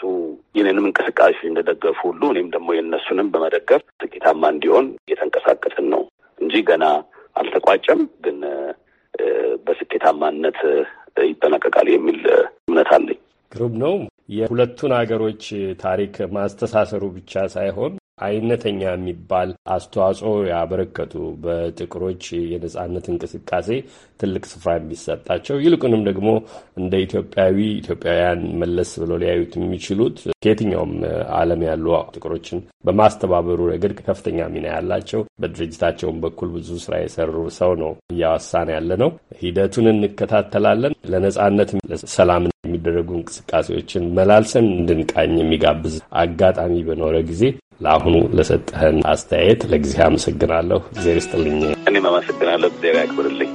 የኔንም እንቅስቃሴ እንደደገፉ ሁሉ እኔም ደግሞ የእነሱንም በመደገፍ ስኬታማ እንዲሆን እየተንቀሳቀስን ነው እንጂ ገና አልተቋጨም ግን በስኬታማነት ይጠናቀቃል የሚል እምነት አለኝ። ግሩም ነው። የሁለቱን ሀገሮች ታሪክ ማስተሳሰሩ ብቻ ሳይሆን አይነተኛ የሚባል አስተዋጽኦ ያበረከቱ በጥቁሮች የነጻነት እንቅስቃሴ ትልቅ ስፍራ የሚሰጣቸው ይልቁንም ደግሞ እንደ ኢትዮጵያዊ ኢትዮጵያውያን መለስ ብለው ሊያዩት የሚችሉት ከየትኛውም ዓለም ያሉ ጥቁሮችን በማስተባበሩ ረገድ ከፍተኛ ሚና ያላቸው በድርጅታቸውን በኩል ብዙ ስራ የሰሩ ሰው ነው እያወሳን ያለ ነው። ሂደቱን እንከታተላለን። ለነጻነት ለሰላም የሚደረጉ እንቅስቃሴዎችን መላልሰን እንድንቃኝ የሚጋብዝ አጋጣሚ በኖረ ጊዜ ለአሁኑ ለሰጠህን አስተያየት ለጊዜ አመሰግናለሁ። ጊዜ ስጥልኝ። እኔም አመሰግናለሁ። ጊዜ ያክብርልኝ።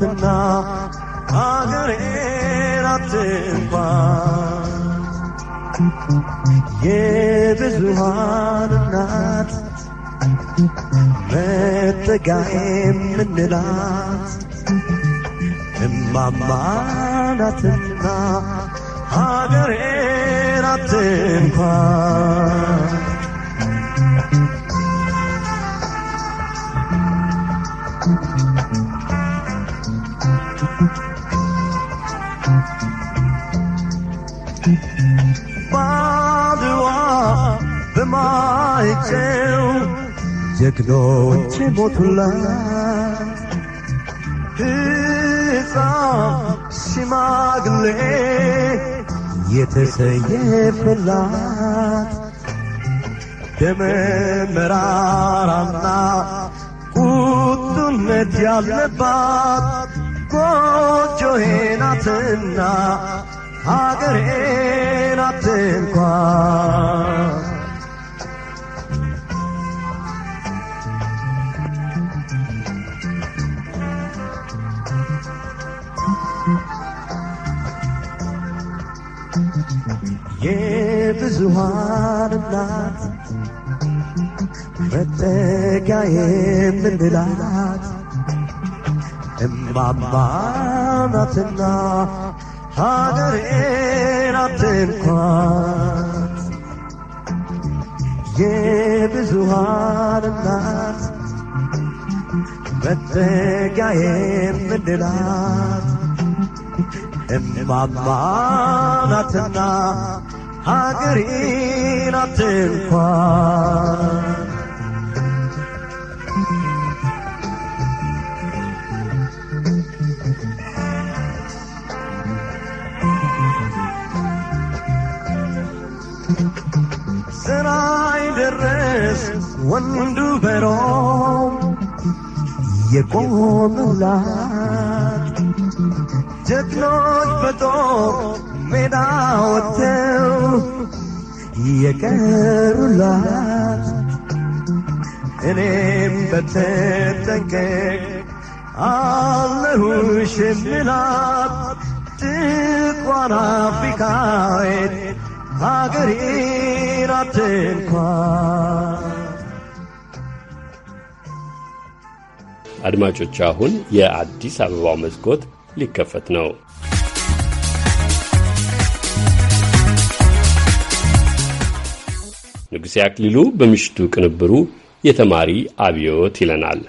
ናትና አገሬን አትንኳ የብዙሃን እናት መጠጊያ የምንላት እማማ ናትና አትንኳ ጀግኖች ሞቱላት፣ ሕፃን ሽማግሌ የተሰየፈላት ደመ መራራና ቁጡነት ያለባት ጎጆዬ ናትና ሀገሬ ናት እንኳን የብዙሃን እናት መጠጋዬ ምንላት እማማ ናትና ሀገሬን አትንኳት። የብዙሃን እናት መጠጋዬ ምንላት እማማ ናትና ሀገሬን አትንኳ ስራይ ደረስ ወንዱ በሮም የቆሙላት ጀግኖች በጦር ሜዳ ወጥተው የቀሩላት እኔም በተጠንቀቅ አለሁሽ ምላት ጥቋን አፍሪካዊት ሀገሬን አትንኳ። አድማጮች አሁን የአዲስ አበባው መስኮት ሊከፈት ነው። ንጉሴ አክሊሉ በምሽቱ ቅንብሩ የተማሪ አብዮት ይለናል።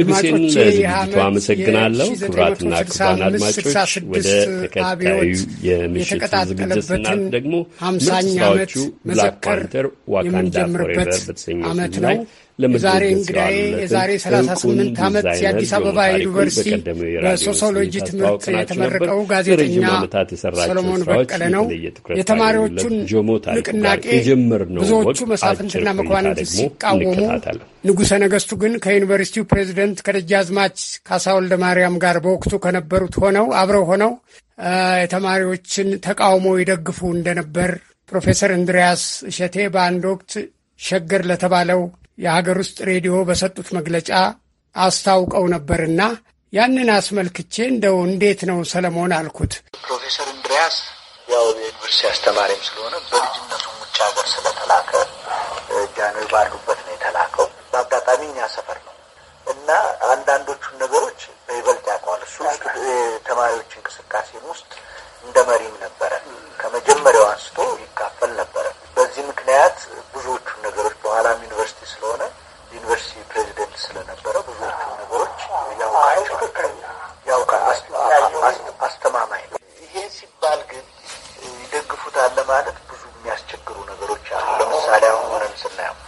ንጉሴን ለዝግጅቱ አመሰግናለሁ። ክቡራትና ክቡራን አድማጮች ወደ ተከታዩ የምሽት ዝግጅት ስናልፍ ደግሞ ምርጥ ስራዎቹ ብላክ ፓንተር ዋካንዳ ፎሬቨር በተሰኘው ፊልም ላይ ዛሬ እንግዳዬ የዛሬ 38 ዓመት የአዲስ አበባ ዩኒቨርሲቲ በሶሲዮሎጂ ትምህርት የተመረቀው ጋዜጠኛ ሰሎሞን በቀለ ነው። የተማሪዎቹን ንቅናቄ ብዙዎቹ መሳፍንትና መኳንንት ሲቃወሙ፣ ንጉሠ ነገሥቱ ግን ከዩኒቨርሲቲው ፕሬዚደንት ከደጃዝማች ካሳ ወልደ ማርያም ጋር በወቅቱ ከነበሩት ሆነው አብረው ሆነው የተማሪዎችን ተቃውሞ ይደግፉ እንደነበር ፕሮፌሰር እንድሪያስ እሸቴ በአንድ ወቅት ሸገር ለተባለው የሀገር ውስጥ ሬዲዮ በሰጡት መግለጫ አስታውቀው ነበርና ያንን አስመልክቼ እንደው እንዴት ነው ሰለሞን አልኩት። ፕሮፌሰር እንድሪያስ ያው የዩኒቨርሲቲ አስተማሪም ስለሆነ በልጅነቱ ውጭ ሀገር ስለተላከ ጃንሆይ ባሉበት ነው የተላከው። በአጋጣሚ እኛ ሰፈር ነው እና አንዳንዶቹን ነገሮች በይበልጥ ያውቀዋል። እሱ ውስጥ የተማሪዎች እንቅስቃሴም ውስጥ እንደ መሪም ነበረ። ከመጀመሪያው አንስቶ ይካፈል ነበረ። በዚህ ምክንያት ብዙዎቹን ነገሮች በኋላም ዩኒቨርሲቲ ስለሆነ ዩኒቨርሲቲ ፕሬዚደንት ስለነበረ ብዙዎቹ ነገሮች ያውቃል፣ አስተማማኝ ነው። ይሄ ሲባል ግን ይደግፉታል ለማለት ብዙ የሚያስቸግሩ ነገሮች አሉ። ለምሳሌ አሁን ሆነን ስናየው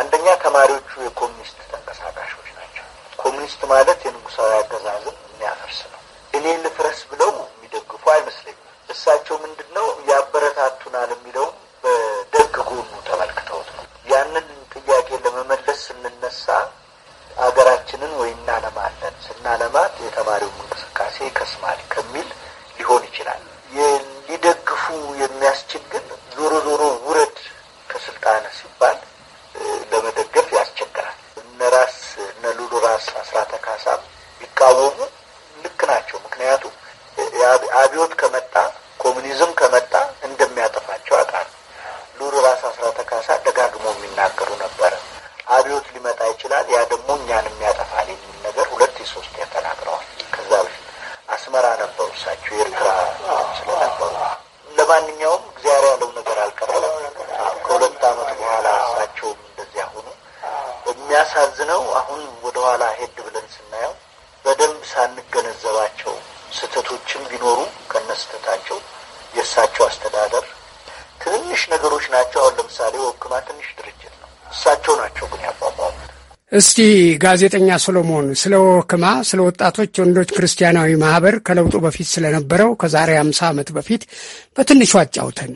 አንደኛ ተማሪዎቹ የኮሚኒስት ተንቀሳቃሾች ናቸው። ኮሚኒስት ማለት የንጉሳዊ አገዛዝን የሚያፈርስ ነው። እኔ ልፍረስ ብለው የሚደግፉ አይመስለኝም። እሳቸው ምንድን ነው ያበረታቱናል የሚለውም በደግ ጎኑ ተመልክተውት ነው ያንን ስንነሳ አገራችንን ወይ እናለማለን፣ ስናለማት የተማሪውም እንቅስቃሴ ይከስማል ከሚል ሊሆን ይችላል። ሊደግፉ የሚያስችል ግን ዞሮ ዞሮ እስቲ ጋዜጠኛ ሶሎሞን ስለ ወክማ ስለ ወጣቶች ወንዶች ክርስቲያናዊ ማህበር ከለውጡ በፊት ስለነበረው ከዛሬ 50 ዓመት በፊት በትንሹ አጫውተን።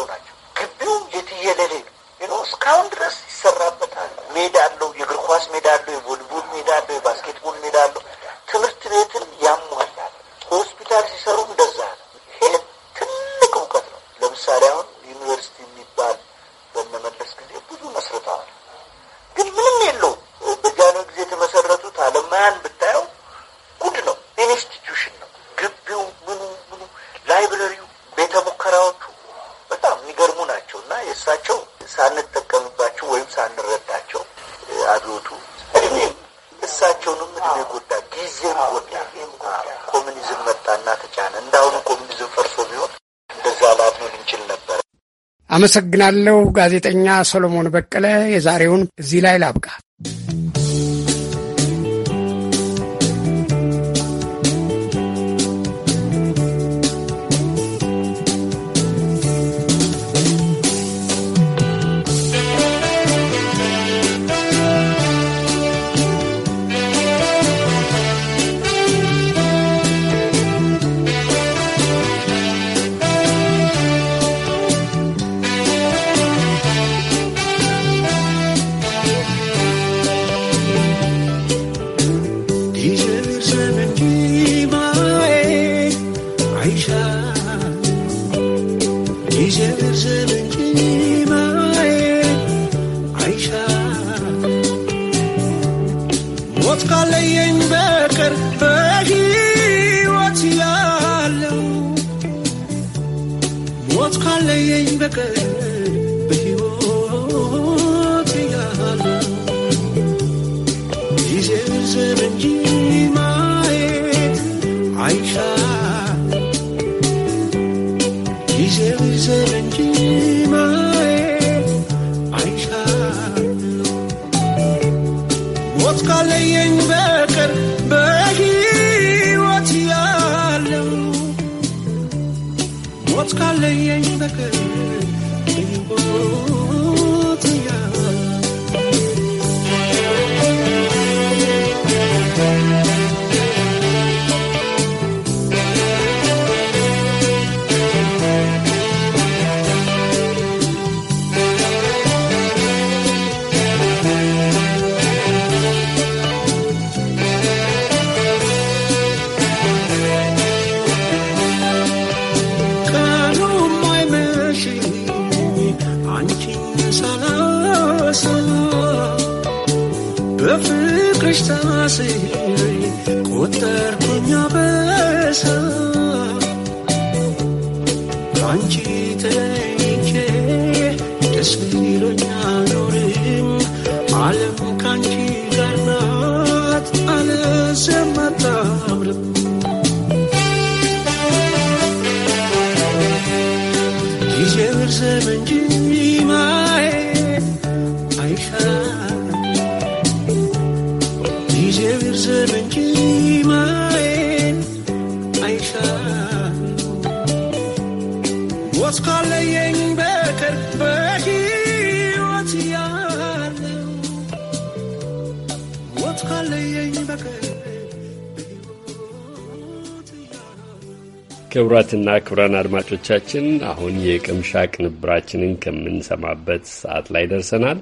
ያላቸው ናቸው። ግቢውም የትየለሌ ነው። እስካሁን ድረስ ይሰራበታል። ሜዳ አለው፣ የእግር ኳስ ሜዳ አለው፣ የቮሊቦል ሜዳ አለው፣ የባስኬትቦል ሜዳ አለው። ትምህርት ቤትን አመሰግናለሁ። ጋዜጠኛ ሰሎሞን በቀለ የዛሬውን እዚህ ላይ ላብቃ። leyenda que tengo. ክቡራትና ክቡራን አድማጮቻችን አሁን የቅምሻ ቅንብራችንን ከምንሰማበት ሰዓት ላይ ደርሰናል።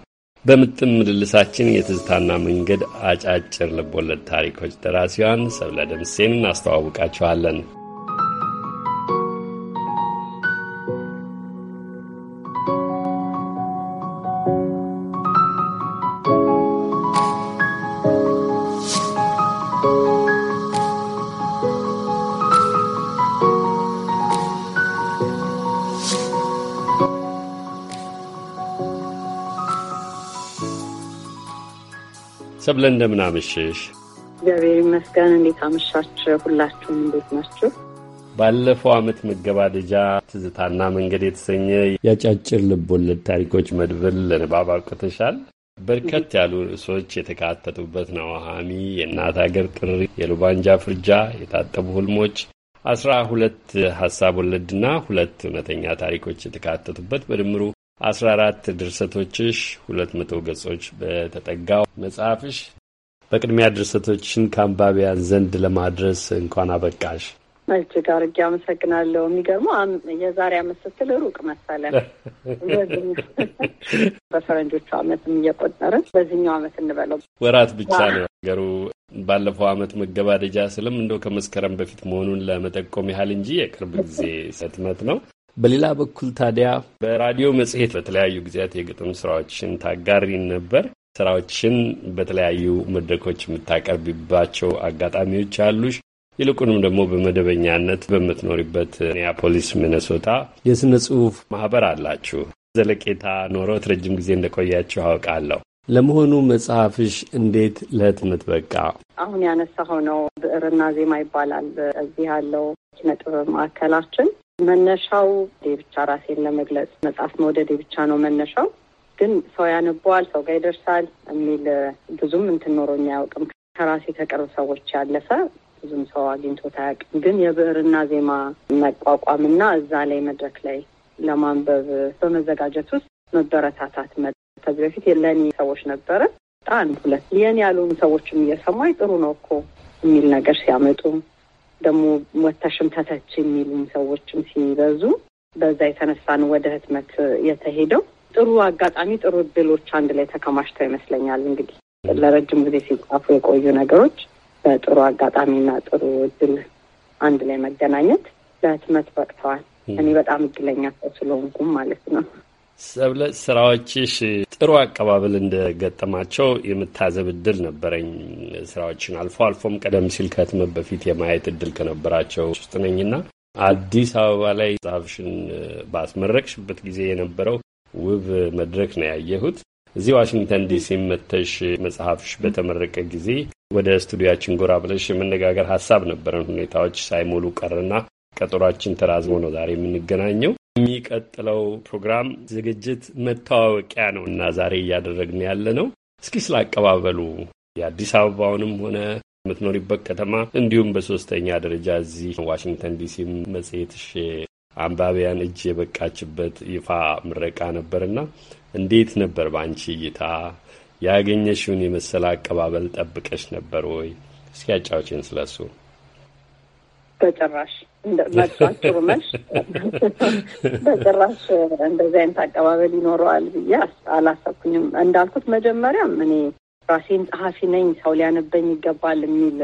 በምጥን ምልልሳችን የትዝታና መንገድ አጫጭር ልቦለድ ታሪኮች ደራሲዋን ሰብለ ደምሴን እናስተዋውቃችኋለን። ሰብለ እንደምን አመሸሽ? እግዚአብሔር ይመስገን። እንዴት አመሻችሁ? ሁላችሁም እንዴት ናችሁ? ባለፈው ዓመት መገባደጃ ትዝታና መንገድ የተሰኘ የአጫጭር ልቦለድ ታሪኮች መድብል ለንባብ አብቅተሻል። በርከት ያሉ ርዕሶች የተካተቱበት ነው። የእናት ሀገር ጥሪ፣ የሉባንጃ ፍርጃ፣ የታጠቡ ህልሞች አስራ ሁለት ሀሳብ ወለድና ሁለት እውነተኛ ታሪኮች የተካተቱበት በድምሩ አስራ አራት ድርሰቶችሽ ሁለት መቶ ገጾች በተጠጋው መጽሐፍሽ በቅድሚያ ድርሰቶችን ከአንባቢያን ዘንድ ለማድረስ እንኳን አበቃሽ። እጅግ አርጌ አመሰግናለሁ። የሚገርመው የዛሬ አመት ስትል ሩቅ መሰለን። በፈረንጆቹ አመትም እየቆጠርን በዚህኛው አመት እንበለው ወራት ብቻ ነው ነገሩ። ባለፈው አመት መገባደጃ ስልም እንደው ከመስከረም በፊት መሆኑን ለመጠቆም ያህል እንጂ የቅርብ ጊዜ ህትመት ነው። በሌላ በኩል ታዲያ በራዲዮ መጽሔት በተለያዩ ጊዜያት የግጥም ስራዎችን ታጋሪ ነበር። ስራዎችን በተለያዩ መድረኮች የምታቀርብባቸው አጋጣሚዎች አሉሽ። ይልቁንም ደግሞ በመደበኛነት በምትኖሪበት ኒያፖሊስ ሚነሶታ የስነ ጽሁፍ ማህበር አላችሁ። ዘለቄታ ኖሮት ረጅም ጊዜ እንደቆያችሁ አውቃለሁ። ለመሆኑ መጽሐፍሽ እንዴት ለህትመት በቃ? አሁን ያነሳኸው ነው። ብዕርና ዜማ ይባላል። እዚህ ያለው ኪነ ማዕከላችን መነሻው ብቻ ራሴን ለመግለጽ መጽሐፍ መውደድ ብቻ ነው መነሻው። ግን ሰው ያነበዋል፣ ሰው ጋር ይደርሳል የሚል ብዙም እንትን ኖሮኝ አያውቅም። ከራሴ ከቅርብ ሰዎች ያለፈ ብዙም ሰው አግኝቶት አያውቅም። ግን የብዕርና ዜማ መቋቋምና እዛ ላይ መድረክ ላይ ለማንበብ በመዘጋጀት ውስጥ መበረታታት መ ከዚህ በፊት ለእኔ ሰዎች ነበረ አንድ ሁለት የኔ ያሉን ሰዎችም እየሰማኝ ጥሩ ነው እኮ የሚል ነገር ሲያመጡ ደግሞ ወተሽም ተተች የሚሉን ሰዎችም ሲበዙ በዛ የተነሳን ወደ ህትመት የተሄደው ጥሩ አጋጣሚ፣ ጥሩ እድሎች አንድ ላይ ተከማችተው ይመስለኛል። እንግዲህ ለረጅም ጊዜ ሲጻፉ የቆዩ ነገሮች በጥሩ አጋጣሚና ጥሩ እድል አንድ ላይ መገናኘት ለህትመት በቅተዋል። እኔ በጣም እድለኛ ሰው ስለሆንኩም ማለት ነው። ሰብለ ስራዎችሽ ጥሩ አቀባበል እንደገጠማቸው የምታዘብ እድል ነበረኝ። ስራዎችን አልፎ አልፎም ቀደም ሲል ከህትመት በፊት የማየት እድል ከነበራቸው ውስጥ ነኝና አዲስ አበባ ላይ ጸሐፍሽን ባስመረቅሽበት ጊዜ የነበረው ውብ መድረክ ነው ያየሁት። እዚህ ዋሽንግተን ዲሲ መተሽ መጽሐፍሽ በተመረቀ ጊዜ ወደ ስቱዲያችን ጎራ ብለሽ የመነጋገር ሀሳብ ነበረን። ሁኔታዎች ሳይሞሉ ቀርና ቀጠሯችን ተራዝሞ ነው ዛሬ የምንገናኘው። የሚቀጥለው ፕሮግራም ዝግጅት መተዋወቂያ ነው እና ዛሬ እያደረግን ያለ ነው። እስኪ ስለ አቀባበሉ የአዲስ አበባውንም ሆነ የምትኖሪበት ከተማ እንዲሁም በሶስተኛ ደረጃ እዚህ ዋሽንግተን ዲሲ መጽሔትሽ አንባቢያን እጅ የበቃችበት ይፋ ምረቃ ነበርና እንዴት ነበር በአንቺ እይታ ያገኘሽውን የመሰለ አቀባበል ጠብቀሽ ነበር ወይ? እስኪ አጫዎችን ስለሱ በጭራሽ መርሷ መሽ በጭራሽ እንደዚህ አይነት አቀባበል ይኖረዋል ብዬ አላሰብኩኝም። እንዳልኩት መጀመሪያም እኔ ራሴን ጸሐፊ ነኝ ሰው ሊያነበኝ ይገባል የሚል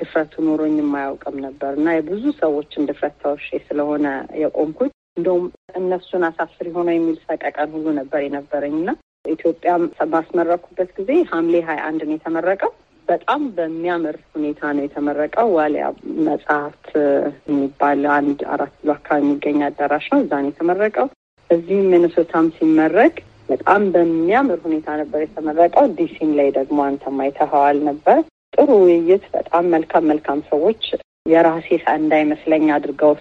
ድፍረቱ ኖሮኝ የማያውቅም ነበር እና የብዙ ሰዎችን ድፍረት ተወሼ ስለሆነ የቆምኩት እንደውም እነሱን አሳፍሪ የሆነ የሚል ሰቀቀን ሁሉ ነበር የነበረኝ እና ኢትዮጵያ ባስመረኩበት ጊዜ ሐምሌ ሀያ አንድ ነው የተመረቀው። በጣም በሚያምር ሁኔታ ነው የተመረቀው። ዋሊያ መጽሐፍት የሚባል አንድ አራት ኪሎ አካባቢ የሚገኝ አዳራሽ ነው። እዛ ነው የተመረቀው። እዚህ ሚኒሶታም ሲመረቅ በጣም በሚያምር ሁኔታ ነበር የተመረቀው። ዲሲም ላይ ደግሞ አንተም አይተኸዋል ነበር። ጥሩ ውይይት፣ በጣም መልካም መልካም ሰዎች የራሴ እንዳይመስለኝ አድርገው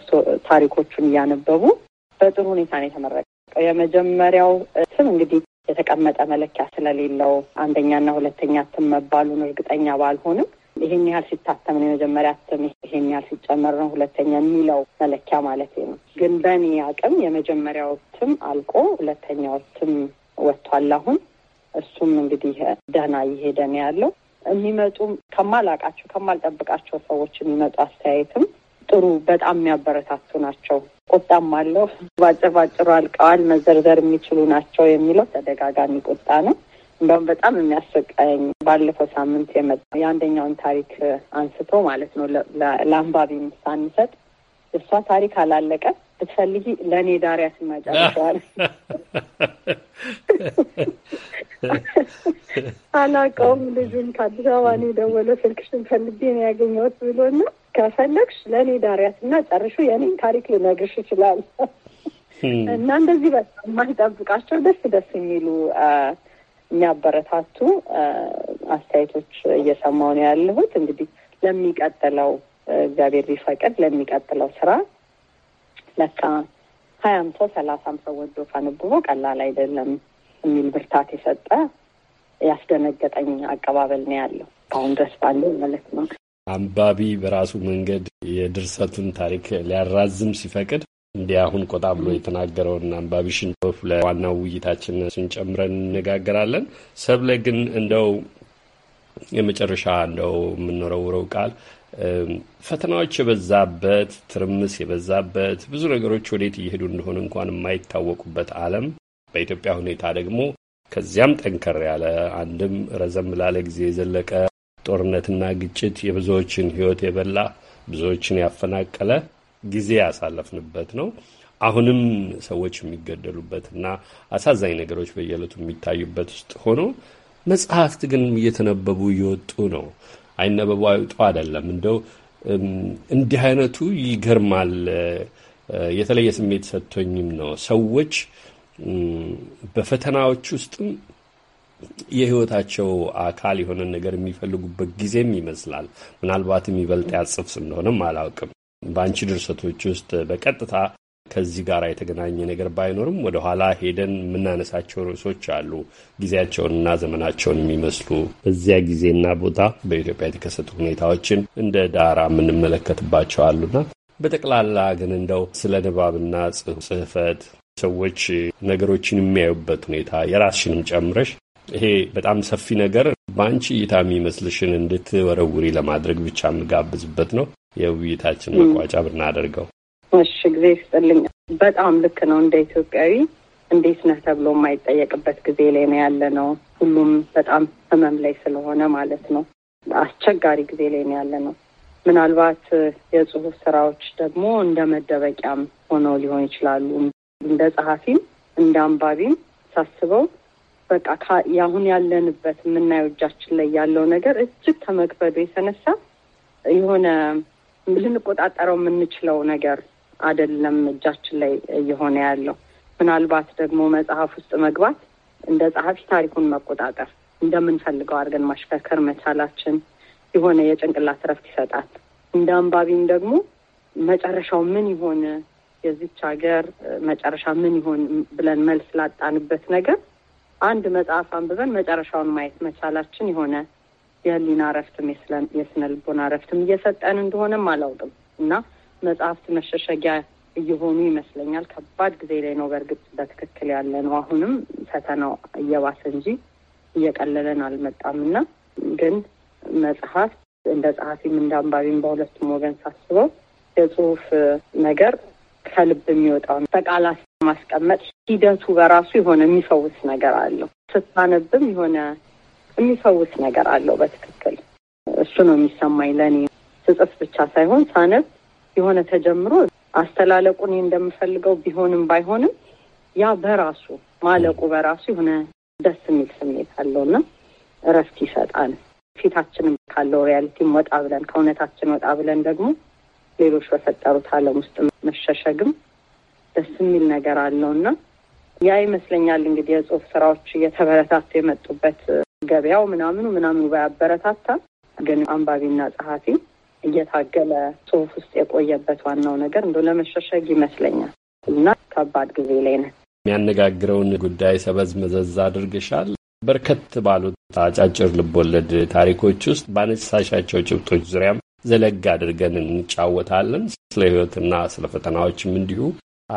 ታሪኮቹን እያነበቡ በጥሩ ሁኔታ ነው የተመረቀው። የመጀመሪያው ስም እንግዲህ የተቀመጠ መለኪያ ስለሌለው አንደኛና ሁለተኛ እትም መባሉን እርግጠኛ ባልሆንም ይሄን ያህል ሲታተም ነው የመጀመሪያ እትም፣ ይሄን ያህል ሲጨመር ነው ሁለተኛ የሚለው መለኪያ ማለት ነው። ግን በእኔ አቅም የመጀመሪያው እትም አልቆ ሁለተኛው እትም ወጥቷል። አሁን እሱም እንግዲህ ደህና እየሄደ ነው ያለው። የሚመጡ ከማላቃቸው ከማልጠብቃቸው ሰዎች የሚመጡ አስተያየትም ጥሩ በጣም የሚያበረታቱ ናቸው። ቁጣም አለው። ባጭር ባጭሩ አልቀዋል መዘርዘር የሚችሉ ናቸው የሚለው ተደጋጋሚ ቁጣ ነው። እንደውም በጣም የሚያሰቃየኝ ባለፈው ሳምንት የመጣ የአንደኛውን ታሪክ አንስቶ ማለት ነው ለአንባቢ ሳንሰጥ እሷ ታሪክ አላለቀ ብትፈልጊ ለእኔ ዳሪያ ስናጫዋል አላውቀውም። ልጁን ከአዲስ አበባ እኔ ደወለ ስልክሽን ፈልጌ ነው ያገኘሁት ብሎና ከፈለግሽ ለእኔ ዳሪያት እና ጨርሹ የኔን ታሪክ ልነግርሽ ይችላል እና እንደዚህ በጣም የማይጠብቃቸው ደስ ደስ የሚሉ የሚያበረታቱ አስተያየቶች እየሰማሁ ነው ያለሁት። እንግዲህ ለሚቀጥለው እግዚአብሔር ቢፈቅድ ለሚቀጥለው ስራ ለካ ሀያም ሰው ሰላሳም ሰው ወዶ ፈንብቦ ቀላል አይደለም የሚል ብርታት የሰጠ ያስደነገጠኝ አቀባበል ነው ያለው አሁን ድረስ ባለው ማለት ነው። አንባቢ በራሱ መንገድ የድርሰቱን ታሪክ ሊያራዝም ሲፈቅድ እንዲህ አሁን ቆጣ ብሎ የተናገረውን አንባቢሽን ወፍ ለዋናው ውይይታችን ስንጨምረን እንነጋገራለን። ሰብለ ግን እንደው የመጨረሻ እንደው የምንወረውረው ቃል ፈተናዎች የበዛበት ትርምስ የበዛበት ብዙ ነገሮች ወዴት እየሄዱ እንደሆነ እንኳን የማይታወቁበት ዓለም በኢትዮጵያ ሁኔታ ደግሞ ከዚያም ጠንከር ያለ አንድም ረዘም ላለ ጊዜ የዘለቀ ጦርነትና ግጭት የብዙዎችን ሕይወት የበላ ብዙዎችን ያፈናቀለ ጊዜ ያሳለፍንበት ነው። አሁንም ሰዎች የሚገደሉበትና አሳዛኝ ነገሮች በየዕለቱ የሚታዩበት ውስጥ ሆኖ መጽሐፍት ግን እየተነበቡ እየወጡ ነው። አይነበቡ አይውጡ አይደለም። እንደው እንዲህ አይነቱ ይገርማል። የተለየ ስሜት ሰጥቶኝም ነው ሰዎች በፈተናዎች ውስጥም የህይወታቸው አካል የሆነ ነገር የሚፈልጉበት ጊዜም ይመስላል። ምናልባትም ይበልጥ ያጽፍስ እንደሆነም አላውቅም። በአንቺ ድርሰቶች ውስጥ በቀጥታ ከዚህ ጋር የተገናኘ ነገር ባይኖርም ወደኋላ ሄደን የምናነሳቸው ርዕሶች አሉ። ጊዜያቸውንና ዘመናቸውን የሚመስሉ በዚያ ጊዜና ቦታ በኢትዮጵያ የተከሰቱ ሁኔታዎችን እንደ ዳራ የምንመለከትባቸው አሉና በጠቅላላ ግን እንደው ስለ ንባብና ጽህፈት ሰዎች ነገሮችን የሚያዩበት ሁኔታ የራስሽንም ጨምረሽ ይሄ በጣም ሰፊ ነገር በአንቺ እይታ የሚመስልሽን እንድትወረውሪ ለማድረግ ብቻ የምጋብዝበት ነው። የውይይታችን መቋጫ ብናደርገው እሺ ጊዜ ይስጥልኝ። በጣም ልክ ነው። እንደ ኢትዮጵያዊ እንዴት ነህ ተብሎ የማይጠየቅበት ጊዜ ላይ ነው ያለ ነው። ሁሉም በጣም ህመም ላይ ስለሆነ ማለት ነው። አስቸጋሪ ጊዜ ላይ ነው ያለ ነው። ምናልባት የጽሁፍ ስራዎች ደግሞ እንደ መደበቂያም ሆነው ሊሆን ይችላሉ። እንደ ጸሐፊም እንደ አንባቢም ሳስበው በቃ አሁን ያለንበት የምናየው እጃችን ላይ ያለው ነገር እጅግ ከመክበዱ የተነሳ የሆነ ልንቆጣጠረው የምንችለው ነገር አይደለም እጃችን ላይ እየሆነ ያለው። ምናልባት ደግሞ መጽሐፍ ውስጥ መግባት እንደ ጸሐፊ ታሪኩን መቆጣጠር እንደምንፈልገው አድርገን ማሽከርከር መቻላችን የሆነ የጭንቅላት ረፍት ይሰጣል። እንደ አንባቢም ደግሞ መጨረሻው ምን ይሆን የዚች ሀገር መጨረሻ ምን ይሆን ብለን መልስ ላጣንበት ነገር አንድ መጽሐፍ አንብበን መጨረሻውን ማየት መቻላችን የሆነ የህሊና እረፍትም የስነ ልቦና እረፍትም እየሰጠን እንደሆነም አላውቅም እና መጽሐፍት መሸሸጊያ እየሆኑ ይመስለኛል። ከባድ ጊዜ ላይ ነው በእርግጥ በትክክል ያለ ነው። አሁንም ፈተናው እየባሰ እንጂ እየቀለለን አልመጣም እና ግን መጽሐፍ እንደ ጸሐፊም እንደ አንባቢም በሁለቱም ወገን ሳስበው የጽሁፍ ነገር ከልብ የሚወጣው በቃላት ማስቀመጥ ሂደቱ በራሱ የሆነ የሚፈውስ ነገር አለው። ስታነብም የሆነ የሚፈውስ ነገር አለው። በትክክል እሱ ነው የሚሰማኝ ለእኔ ስጽፍ ብቻ ሳይሆን ሳነብ የሆነ ተጀምሮ አስተላለቁን እንደምፈልገው ቢሆንም ባይሆንም ያ በራሱ ማለቁ በራሱ የሆነ ደስ የሚል ስሜት አለውና እረፍት ይሰጣል። ፊታችንም ካለው ሪያሊቲም ወጣ ብለን ከእውነታችን ወጣ ብለን ደግሞ ሌሎች በፈጠሩት ዓለም ውስጥ መሸሸግም ደስ የሚል ነገር አለው ያ ይመስለኛል እንግዲህ የጽሁፍ ስራዎች እየተበረታቱ የመጡበት ገበያው ምናምኑ ምናምኑ ባያበረታታ ግን አንባቢና ጸሐፊ እየታገለ ጽሁፍ ውስጥ የቆየበት ዋናው ነገር እንደ ለመሸሸግ ይመስለኛል እና ከባድ ጊዜ ላይ ነ የሚያነጋግረውን ጉዳይ ሰበዝ መዘዝ አድርገሻል። በርከት ባሉት አጫጭር ልቦለድ ታሪኮች ውስጥ ባነሳሻቸው ጭብጦች ዙሪያም ዘለግ አድርገን እንጫወታለን። ስለ ህይወትና ስለ ፈተናዎችም እንዲሁ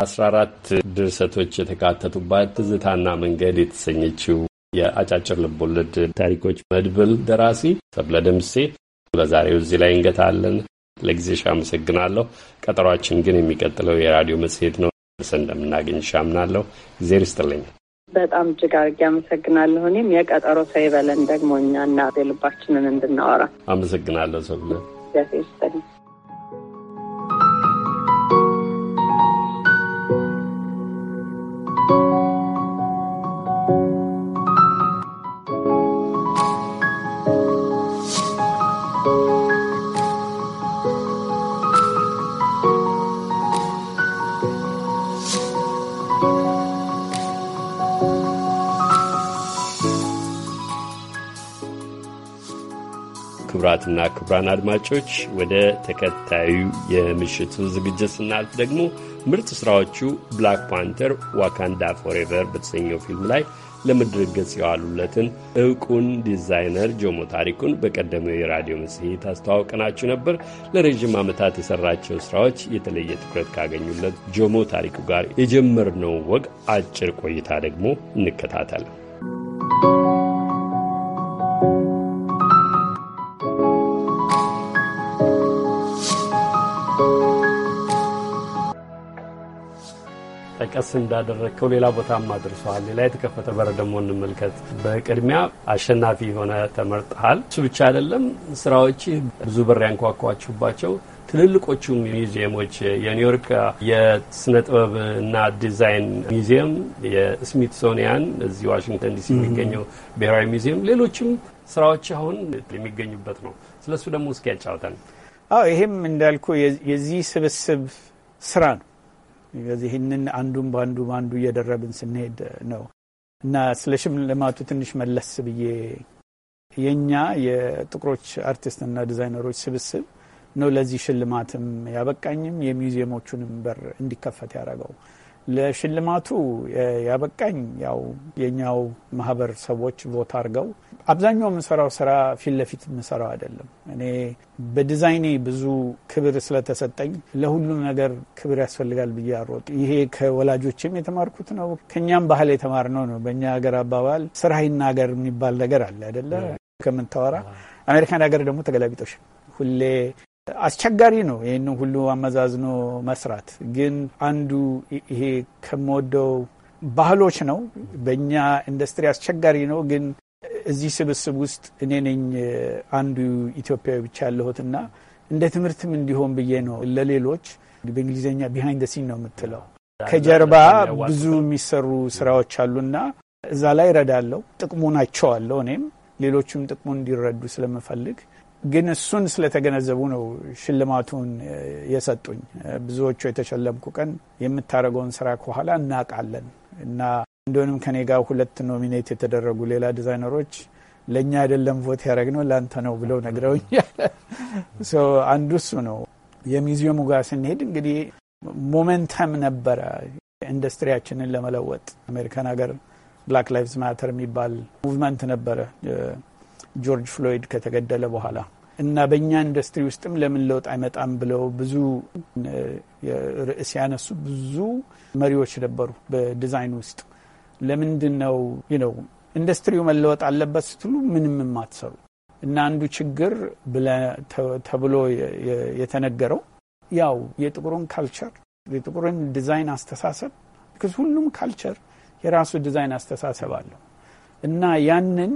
አስራ አራት ድርሰቶች የተካተቱባት ትዝታና መንገድ የተሰኘችው የአጫጭር ልቦለድ ታሪኮች መድብል ደራሲ ሰብለ ደምሴ ለዛሬው እዚህ ላይ እንገታለን። ለጊዜሽ አመሰግናለሁ። ቀጠሯችን ግን የሚቀጥለው የራዲዮ መጽሔት ነው። እርስ እንደምናገኝ ሻምናለሁ። እግዜር ይስጥልኝ። በጣም እጅግ አድርጌ አመሰግናለሁ። እኔም የቀጠሮ ሰው ይበለን ደግሞ እኛ እና ልባችንን እንድናወራ አመሰግናለሁ። ሰብ ብለ ይስጥልኝ። thank you ክቡራትና ክቡራን አድማጮች ወደ ተከታዩ የምሽቱ ዝግጅት ስናልፍ ደግሞ ምርጥ ስራዎቹ ብላክ ፓንተር ዋካንዳ ፎሬቨር በተሰኘው ፊልም ላይ ለምድር ገጽ የዋሉለትን እውቁን ዲዛይነር ጆሞ ታሪኩን በቀደመው የራዲዮ መጽሔት አስተዋውቀናችሁ ነበር። ለረዥም ዓመታት የሰራቸው ስራዎች የተለየ ትኩረት ካገኙለት ጆሞ ታሪኩ ጋር የጀመርነው ወግ አጭር ቆይታ ደግሞ እንከታተል። ጠቀስ እንዳደረግከው ሌላ ቦታም አድርሰሃል። ሌላ የተከፈተ በር ደግሞ እንመልከት። በቅድሚያ አሸናፊ የሆነ ተመርጠሃል። እሱ ብቻ አይደለም፣ ስራዎች ብዙ በር ያንኳኳችሁባቸው ትልልቆቹ ሚዚየሞች የኒውዮርክ የስነ ጥበብ እና ዲዛይን ሚዚየም፣ የስሚትሶኒያን እዚህ ዋሽንግተን ዲሲ የሚገኘው ብሔራዊ ሚዚየም ሌሎችም ስራዎች አሁን የሚገኙበት ነው። ስለሱ ደግሞ እስኪ ያጫውተን። አዎ ይሄም እንዳልኩ የዚህ ስብስብ ስራ ነው። ይህንን አንዱን በአንዱ በአንዱ እየደረብን ስንሄድ ነው እና ስለ ሽልማቱ ትንሽ መለስ ብዬ የእኛ የጥቁሮች አርቲስትና ዲዛይነሮች ስብስብ ነው ለዚህ ሽልማትም ያበቃኝም የሚውዚየሞቹንም በር እንዲከፈት ያደረገው። ለሽልማቱ ያበቃኝ ያው የኛው ማህበር ሰዎች ቮት አድርገው አብዛኛው የምሰራው ስራ ፊት ለፊት የምሰራው አይደለም። እኔ በዲዛይኔ ብዙ ክብር ስለተሰጠኝ ለሁሉም ነገር ክብር ያስፈልጋል ብዬ አሮጥ ይሄ ከወላጆችም የተማርኩት ነው። ከእኛም ባህል የተማርነው ነው። በእኛ ሀገር አባባል ስራ ይናገር የሚባል ነገር አለ አይደለ? ከምንታወራ አሜሪካን ሀገር ደግሞ ተገላቢጦሽ ሁሌ አስቸጋሪ ነው። ይህን ሁሉ አመዛዝኖ መስራት ግን አንዱ ይሄ ከምወደው ባህሎች ነው። በእኛ ኢንዱስትሪ አስቸጋሪ ነው ግን እዚህ ስብስብ ውስጥ እኔ ነኝ አንዱ ኢትዮጵያዊ ብቻ ያለሁትና እንደ ትምህርትም እንዲሆን ብዬ ነው ለሌሎች በእንግሊዝኛ ቢሃይንድ ሲን ነው የምትለው ከጀርባ ብዙ የሚሰሩ ስራዎች አሉና እዛ ላይ እረዳለሁ። ጥቅሙን አይቼዋለሁ። እኔም ሌሎቹም ጥቅሙን እንዲረዱ ስለምፈልግ ግን እሱን ስለተገነዘቡ ነው ሽልማቱን የሰጡኝ። ብዙዎቹ የተሸለምኩ ቀን የምታደርገውን ስራ ከኋላ እናውቃለን እና እንደሆንም ከኔ ጋር ሁለት ኖሚኔት የተደረጉ ሌላ ዲዛይነሮች ለእኛ አይደለም ቮት ያደረግነው ለአንተ ነው ብለው ነግረውኛል። አንዱ እሱ ነው። የሚዚየሙ ጋር ስንሄድ እንግዲህ ሞመንተም ነበረ ኢንዱስትሪያችንን ለመለወጥ አሜሪካን ሀገር ብላክ ላይቭስ ማተር የሚባል ሙቭመንት ነበረ። ጆርጅ ፍሎይድ ከተገደለ በኋላ እና በእኛ ኢንዱስትሪ ውስጥም ለምን ለውጥ አይመጣም ብለው ብዙ ርዕስ ያነሱ ብዙ መሪዎች ነበሩ። በዲዛይን ውስጥ ለምንድን ነው ነው ኢንዱስትሪው መለወጥ አለበት ስትሉ ምንም የማትሰሩ እና አንዱ ችግር ተብሎ የተነገረው ያው የጥቁሩን ካልቸር የጥቁሩን ዲዛይን አስተሳሰብ ሁሉም ካልቸር የራሱ ዲዛይን አስተሳሰብ አለው እና ያንን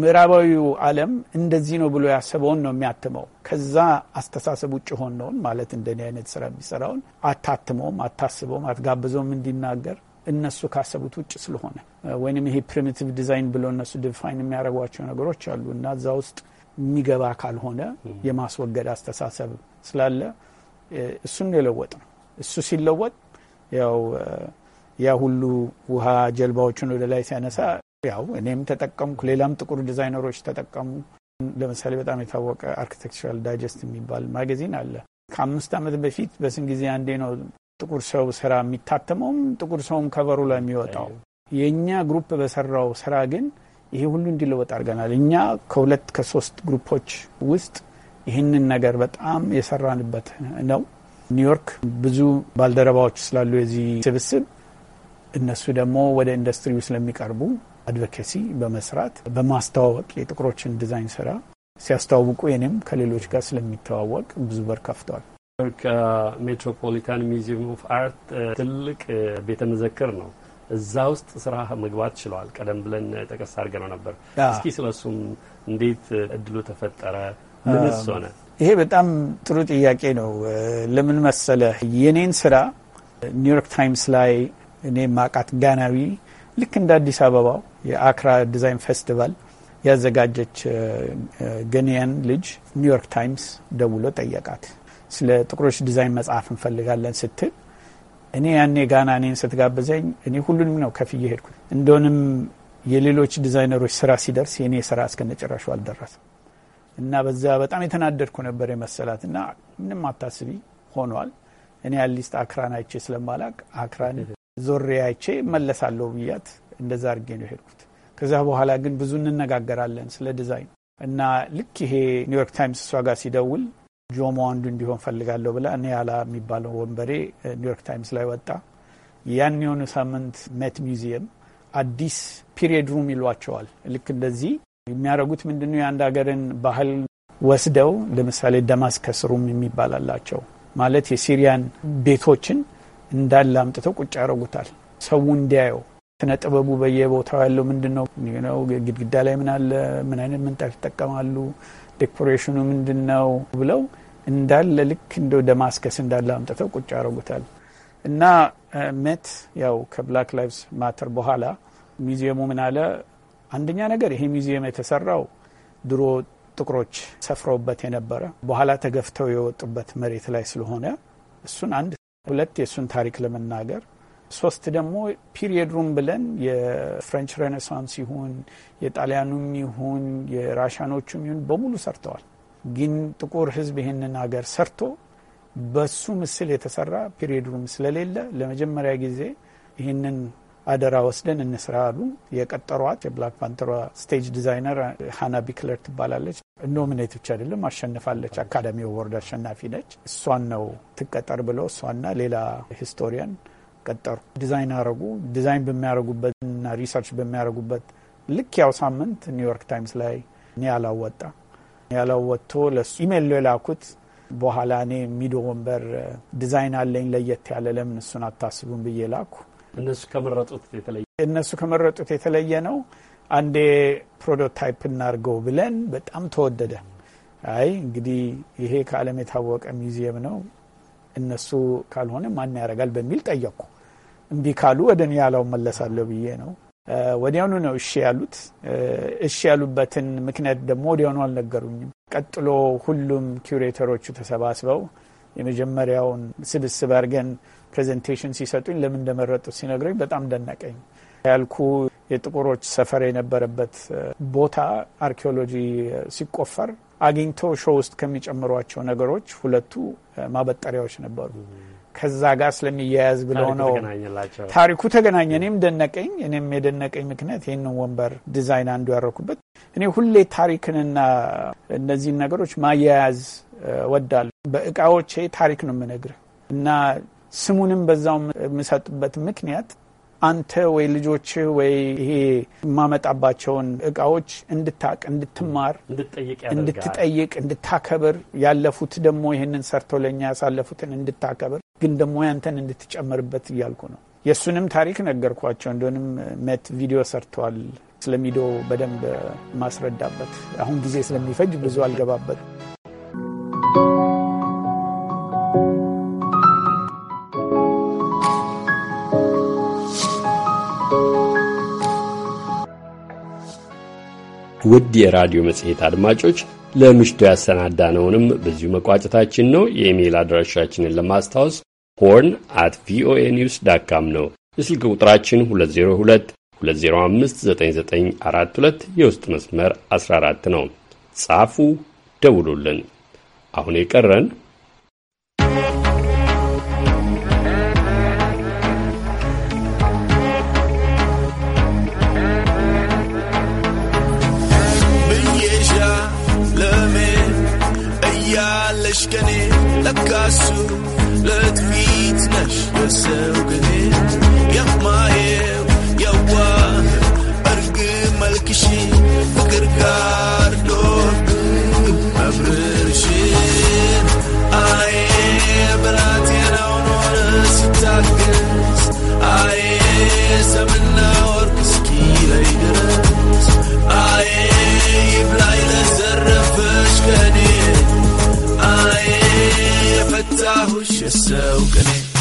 ምዕራባዊው ዓለም እንደዚህ ነው ብሎ ያሰበውን ነው የሚያትመው። ከዛ አስተሳሰብ ውጭ ሆነውን ማለት እንደኔ አይነት ስራ የሚሰራውን አታትመውም፣ አታስበውም፣ አትጋብዘውም እንዲናገር እነሱ ካሰቡት ውጭ ስለሆነ ወይንም ይሄ ፕሪሚቲቭ ዲዛይን ብሎ እነሱ ዲፋይን የሚያደርጓቸው ነገሮች አሉ እና እዛ ውስጥ የሚገባ ካልሆነ የማስወገድ አስተሳሰብ ስላለ እሱን የለወጥ ነው። እሱ ሲለወጥ ያው ያ ሁሉ ውሃ ጀልባዎችን ወደ ላይ ሲያነሳ ያው እኔም ተጠቀምኩ፣ ሌላም ጥቁር ዲዛይነሮች ተጠቀሙ። ለምሳሌ በጣም የታወቀ አርኪቴክቸራል ዳይጀስት የሚባል ማገዚን አለ። ከአምስት ዓመት በፊት በስን ጊዜ አንዴ ነው ጥቁር ሰው ስራ የሚታተመውም ጥቁር ሰውም ከበሩ ላይ የሚወጣው። የእኛ ግሩፕ በሰራው ስራ ግን ይሄ ሁሉ እንዲለወጥ አድርገናል። እኛ ከሁለት ከሶስት ግሩፖች ውስጥ ይህንን ነገር በጣም የሰራንበት ነው። ኒውዮርክ ብዙ ባልደረባዎች ስላሉ የዚህ ስብስብ እነሱ ደግሞ ወደ ኢንዱስትሪው ስለሚቀርቡ አድቮኬሲ በመስራት በማስተዋወቅ የጥቁሮችን ዲዛይን ስራ ሲያስተዋውቁ የኔም ከሌሎች ጋር ስለሚተዋወቅ ብዙ በር ከፍተዋል። ከሜትሮፖሊታን ሚዚየም ኦፍ አርት ትልቅ ቤተ መዘክር ነው። እዛ ውስጥ ስራ መግባት ችለዋል። ቀደም ብለን ጠቀስ አድርገነው ነበር። እስኪ እሱም እንዴት እድሉ ተፈጠረ? ምንስ ሆነ? ይሄ በጣም ጥሩ ጥያቄ ነው። ለምን መሰለ የኔን ስራ ኒውዮርክ ታይምስ ላይ እኔ ማቃት ጋናዊ ልክ እንደ አዲስ አበባው የአክራ ዲዛይን ፌስቲቫል ያዘጋጀች ገኒያን ልጅ ኒውዮርክ ታይምስ ደውሎ ጠየቃት። ስለ ጥቁሮች ዲዛይን መጽሐፍ እንፈልጋለን ስትል እኔ ያኔ ጋና እኔን ስትጋብዘኝ እኔ ሁሉንም ነው ከፍዬ ሄድኩ። እንደሆንም የሌሎች ዲዛይነሮች ስራ ሲደርስ የእኔ ስራ እስከነጨራሹ አልደረሰም እና በዛ በጣም የተናደድኩ ነበር የመሰላት እና ምንም አታስቢ ሆኗል። እኔ አትሊስት አክራን አይቼ ስለማላቅ አክራን ዞሬ አይቼ መለሳለሁ ብያት እንደዛ አድርጌ ነው ሄድኩ። ከዚያ በኋላ ግን ብዙ እንነጋገራለን ስለ ዲዛይን እና ልክ ይሄ ኒውዮርክ ታይምስ እሷ ጋር ሲደውል ጆሞ አንዱ እንዲሆን ፈልጋለሁ ብላ ያላ የሚባለው ወንበሬ ኒውዮርክ ታይምስ ላይ ወጣ። ያን የሆኑ ሳምንት ሜት ሚውዚየም አዲስ ፒሪየድ ሩም ይሏቸዋል። ልክ እንደዚህ የሚያደርጉት ምንድነው የአንድ ሀገርን ባህል ወስደው ለምሳሌ ደማስከስ ሩም የሚባላላቸው ማለት የሲሪያን ቤቶችን እንዳለ አምጥተው ቁጭ ያደረጉታል ሰው እንዲያየው ስነ ጥበቡ በየቦታው ያለው ምንድን ነው ግድግዳ ላይ ምን አለ? ምን አይነት ምንጣፍ ይጠቀማሉ? ዴኮሬሽኑ ምንድን ነው ብለው እንዳለ ልክ እንደ ደማስከስ እንዳለ አምጥተው ቁጭ ያደርጉታል። እና ሜት ያው ከብላክ ላይቭስ ማተር በኋላ ሚዚየሙ ምን አለ፣ አንደኛ ነገር ይሄ ሚዚየም የተሰራው ድሮ ጥቁሮች ሰፍረውበት የነበረ በኋላ ተገፍተው የወጡበት መሬት ላይ ስለሆነ እሱን አንድ፣ ሁለት የእሱን ታሪክ ለመናገር ሶስት ደግሞ ፒሪየድሩም ብለን የፍሬንች ሬኔሳንስ ይሁን የጣሊያኑም ይሁን የራሻኖቹም ይሁን በሙሉ ሰርተዋል። ግን ጥቁር ህዝብ ይህንን ሀገር ሰርቶ በሱ ምስል የተሰራ ፒሪየድሩም ስለሌለ ለመጀመሪያ ጊዜ ይህንን አደራ ወስደን እንስራ አሉ። የቀጠሯት የብላክ ፓንተሯ ስቴጅ ዲዛይነር ሃና ቢክለር ትባላለች። ኖሚኔት ብቻ አይደለም አሸንፋለች። አካዳሚ ወርድ አሸናፊ ነች። እሷን ነው ትቀጠር ብለው እሷና ሌላ ሂስቶሪያን ቀጠሩ። ዲዛይን አረጉ። ዲዛይን በሚያደረጉበትና ሪሰርች በሚያደረጉበት ልክ ያው ሳምንት ኒውዮርክ ታይምስ ላይ እኔ ያላወጣ ወጥቶ ለሱ ኢሜል የላኩት በኋላ እኔ ሚዶ ወንበር ዲዛይን አለኝ ለየት ያለ ለምን እሱን አታስቡም ብዬ ላኩ። እነሱ ከመረጡት የተለየ እነሱ ከመረጡት የተለየ ነው። አንዴ ፕሮቶታይፕ እናርገው ብለን በጣም ተወደደ። አይ እንግዲህ ይሄ ከዓለም የታወቀ ሚዚየም ነው፣ እነሱ ካልሆነ ማን ያደርጋል በሚል ጠየቅኩ። እምቢ ካሉ ወደ ኒያላው መለሳለሁ ብዬ ነው። ወዲያውኑ ነው እሺ ያሉት። እሺ ያሉበትን ምክንያት ደግሞ ወዲያውኑ አልነገሩኝም። ቀጥሎ ሁሉም ኪውሬተሮቹ ተሰባስበው የመጀመሪያውን ስብስብ አድርገን ፕሬዘንቴሽን ሲሰጡኝ ለምን እንደመረጡት ሲነግረኝ በጣም ደነቀኝ። ያልኩ የጥቁሮች ሰፈር የነበረበት ቦታ አርኪኦሎጂ ሲቆፈር አግኝተው ሾው ውስጥ ከሚጨምሯቸው ነገሮች ሁለቱ ማበጠሪያዎች ነበሩ። ከዛ ጋር ስለሚያያዝ ብለው ነው ታሪኩ ተገናኘ። እኔም ደነቀኝ። እኔም የደነቀኝ ምክንያት ይህንን ወንበር ዲዛይን አንዱ ያረኩበት እኔ ሁሌ ታሪክንና እነዚህን ነገሮች ማያያዝ ወዳለሁ። በእቃዎቼ ታሪክ ነው የምነግርህ እና ስሙንም በዛው የምሰጥበት ምክንያት አንተ ወይ ልጆች ወይ ይሄ የማመጣባቸውን እቃዎች እንድታቅ እንድትማር እንድትጠይቅ እንድታከብር ያለፉት ደግሞ ይህንን ሰርተው ለእኛ ያሳለፉትን እንድታከብር ግን ደግሞ ያንተን እንድትጨምርበት እያልኩ ነው። የእሱንም ታሪክ ነገርኳቸው። እንደሆንም መት ቪዲዮ ሰርተዋል። ስለሚዶ በደንብ ማስረዳበት አሁን ጊዜ ስለሚፈጅ ብዙ አልገባበት ውድ የራዲዮ መጽሔት አድማጮች ለምሽቱ ያሰናዳነውንም በዚሁ መቋጨታችን ነው። የኢሜይል አድራሻችንን ለማስታወስ ሆርን አት ቪኦኤ ኒውስ ዳካም ነው። የስልክ ቁጥራችን 2022059942 የውስጥ መስመር 14 ነው። ጻፉ፣ ደውሉልን። አሁን የቀረን سوقني يا مايو يا واه أرقي ملكشي فقر كاردو أبرشين آي بلاتي أنا ونور ستاكس آي سمنا ورقسكي ليدرس آي بلاي لزرفش كني آي فتاهوش السوقني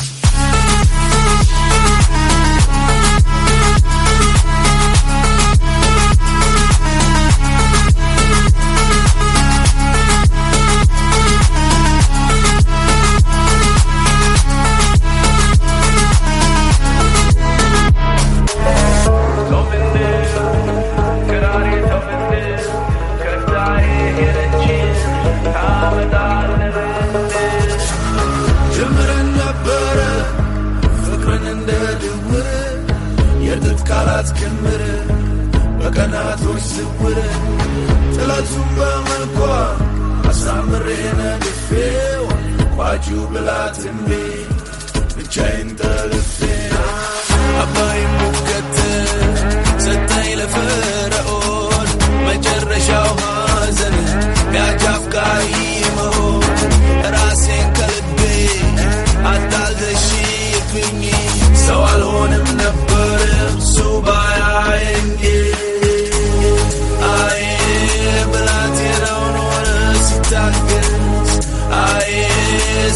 ክምር በቀናቶች ስውር ጥለቱን በመልኳ አሳምሬ ነድፌው ቋጩ ብላ ትንቤ ብቻዬን ጠልፌ አባይ ሙገት ሰጠኝ ለፈረኦን መጨረሻው ሐዘን ያጃፍቃሪ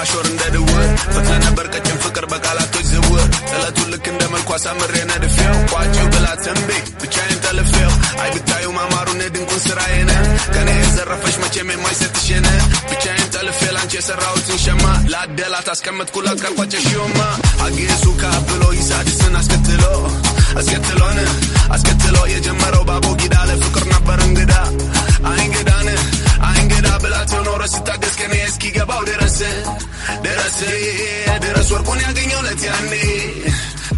ማሾር እንደ ድውር ፈትለ ነበር ቀጭን ፍቅር በቃላቶች ዝውር እለቱ ልክ እንደ መልኩ አሳምሬ ነድፌው ቋጭው ብላ ተንቤ ብቻዬን ተልፌው አይ ብታዩ ማማሩን የድንቁን ስራዬን ከኔ የዘረፈሽ መቼም የማይሰጥሽን ብቻዬን ተልፌ ላንቺ የሰራሁትን ሸማ ለአደላት አስቀመጥኩላት ሽዮማ አጌሱ ካብሎ ይሳድስን አስከትሎ አስከትሎን አስከትሎ የጀመረው ባቦ ጊዳ ለፍቅር ነበር እንግዳ አይ እንግዳን እንግዳ ብላቸው ኖረ ስታገስ ከኔ እስኪገባው ድረስ ድረስ ድረስ ወርቁን ያገኘው ለት ያኔ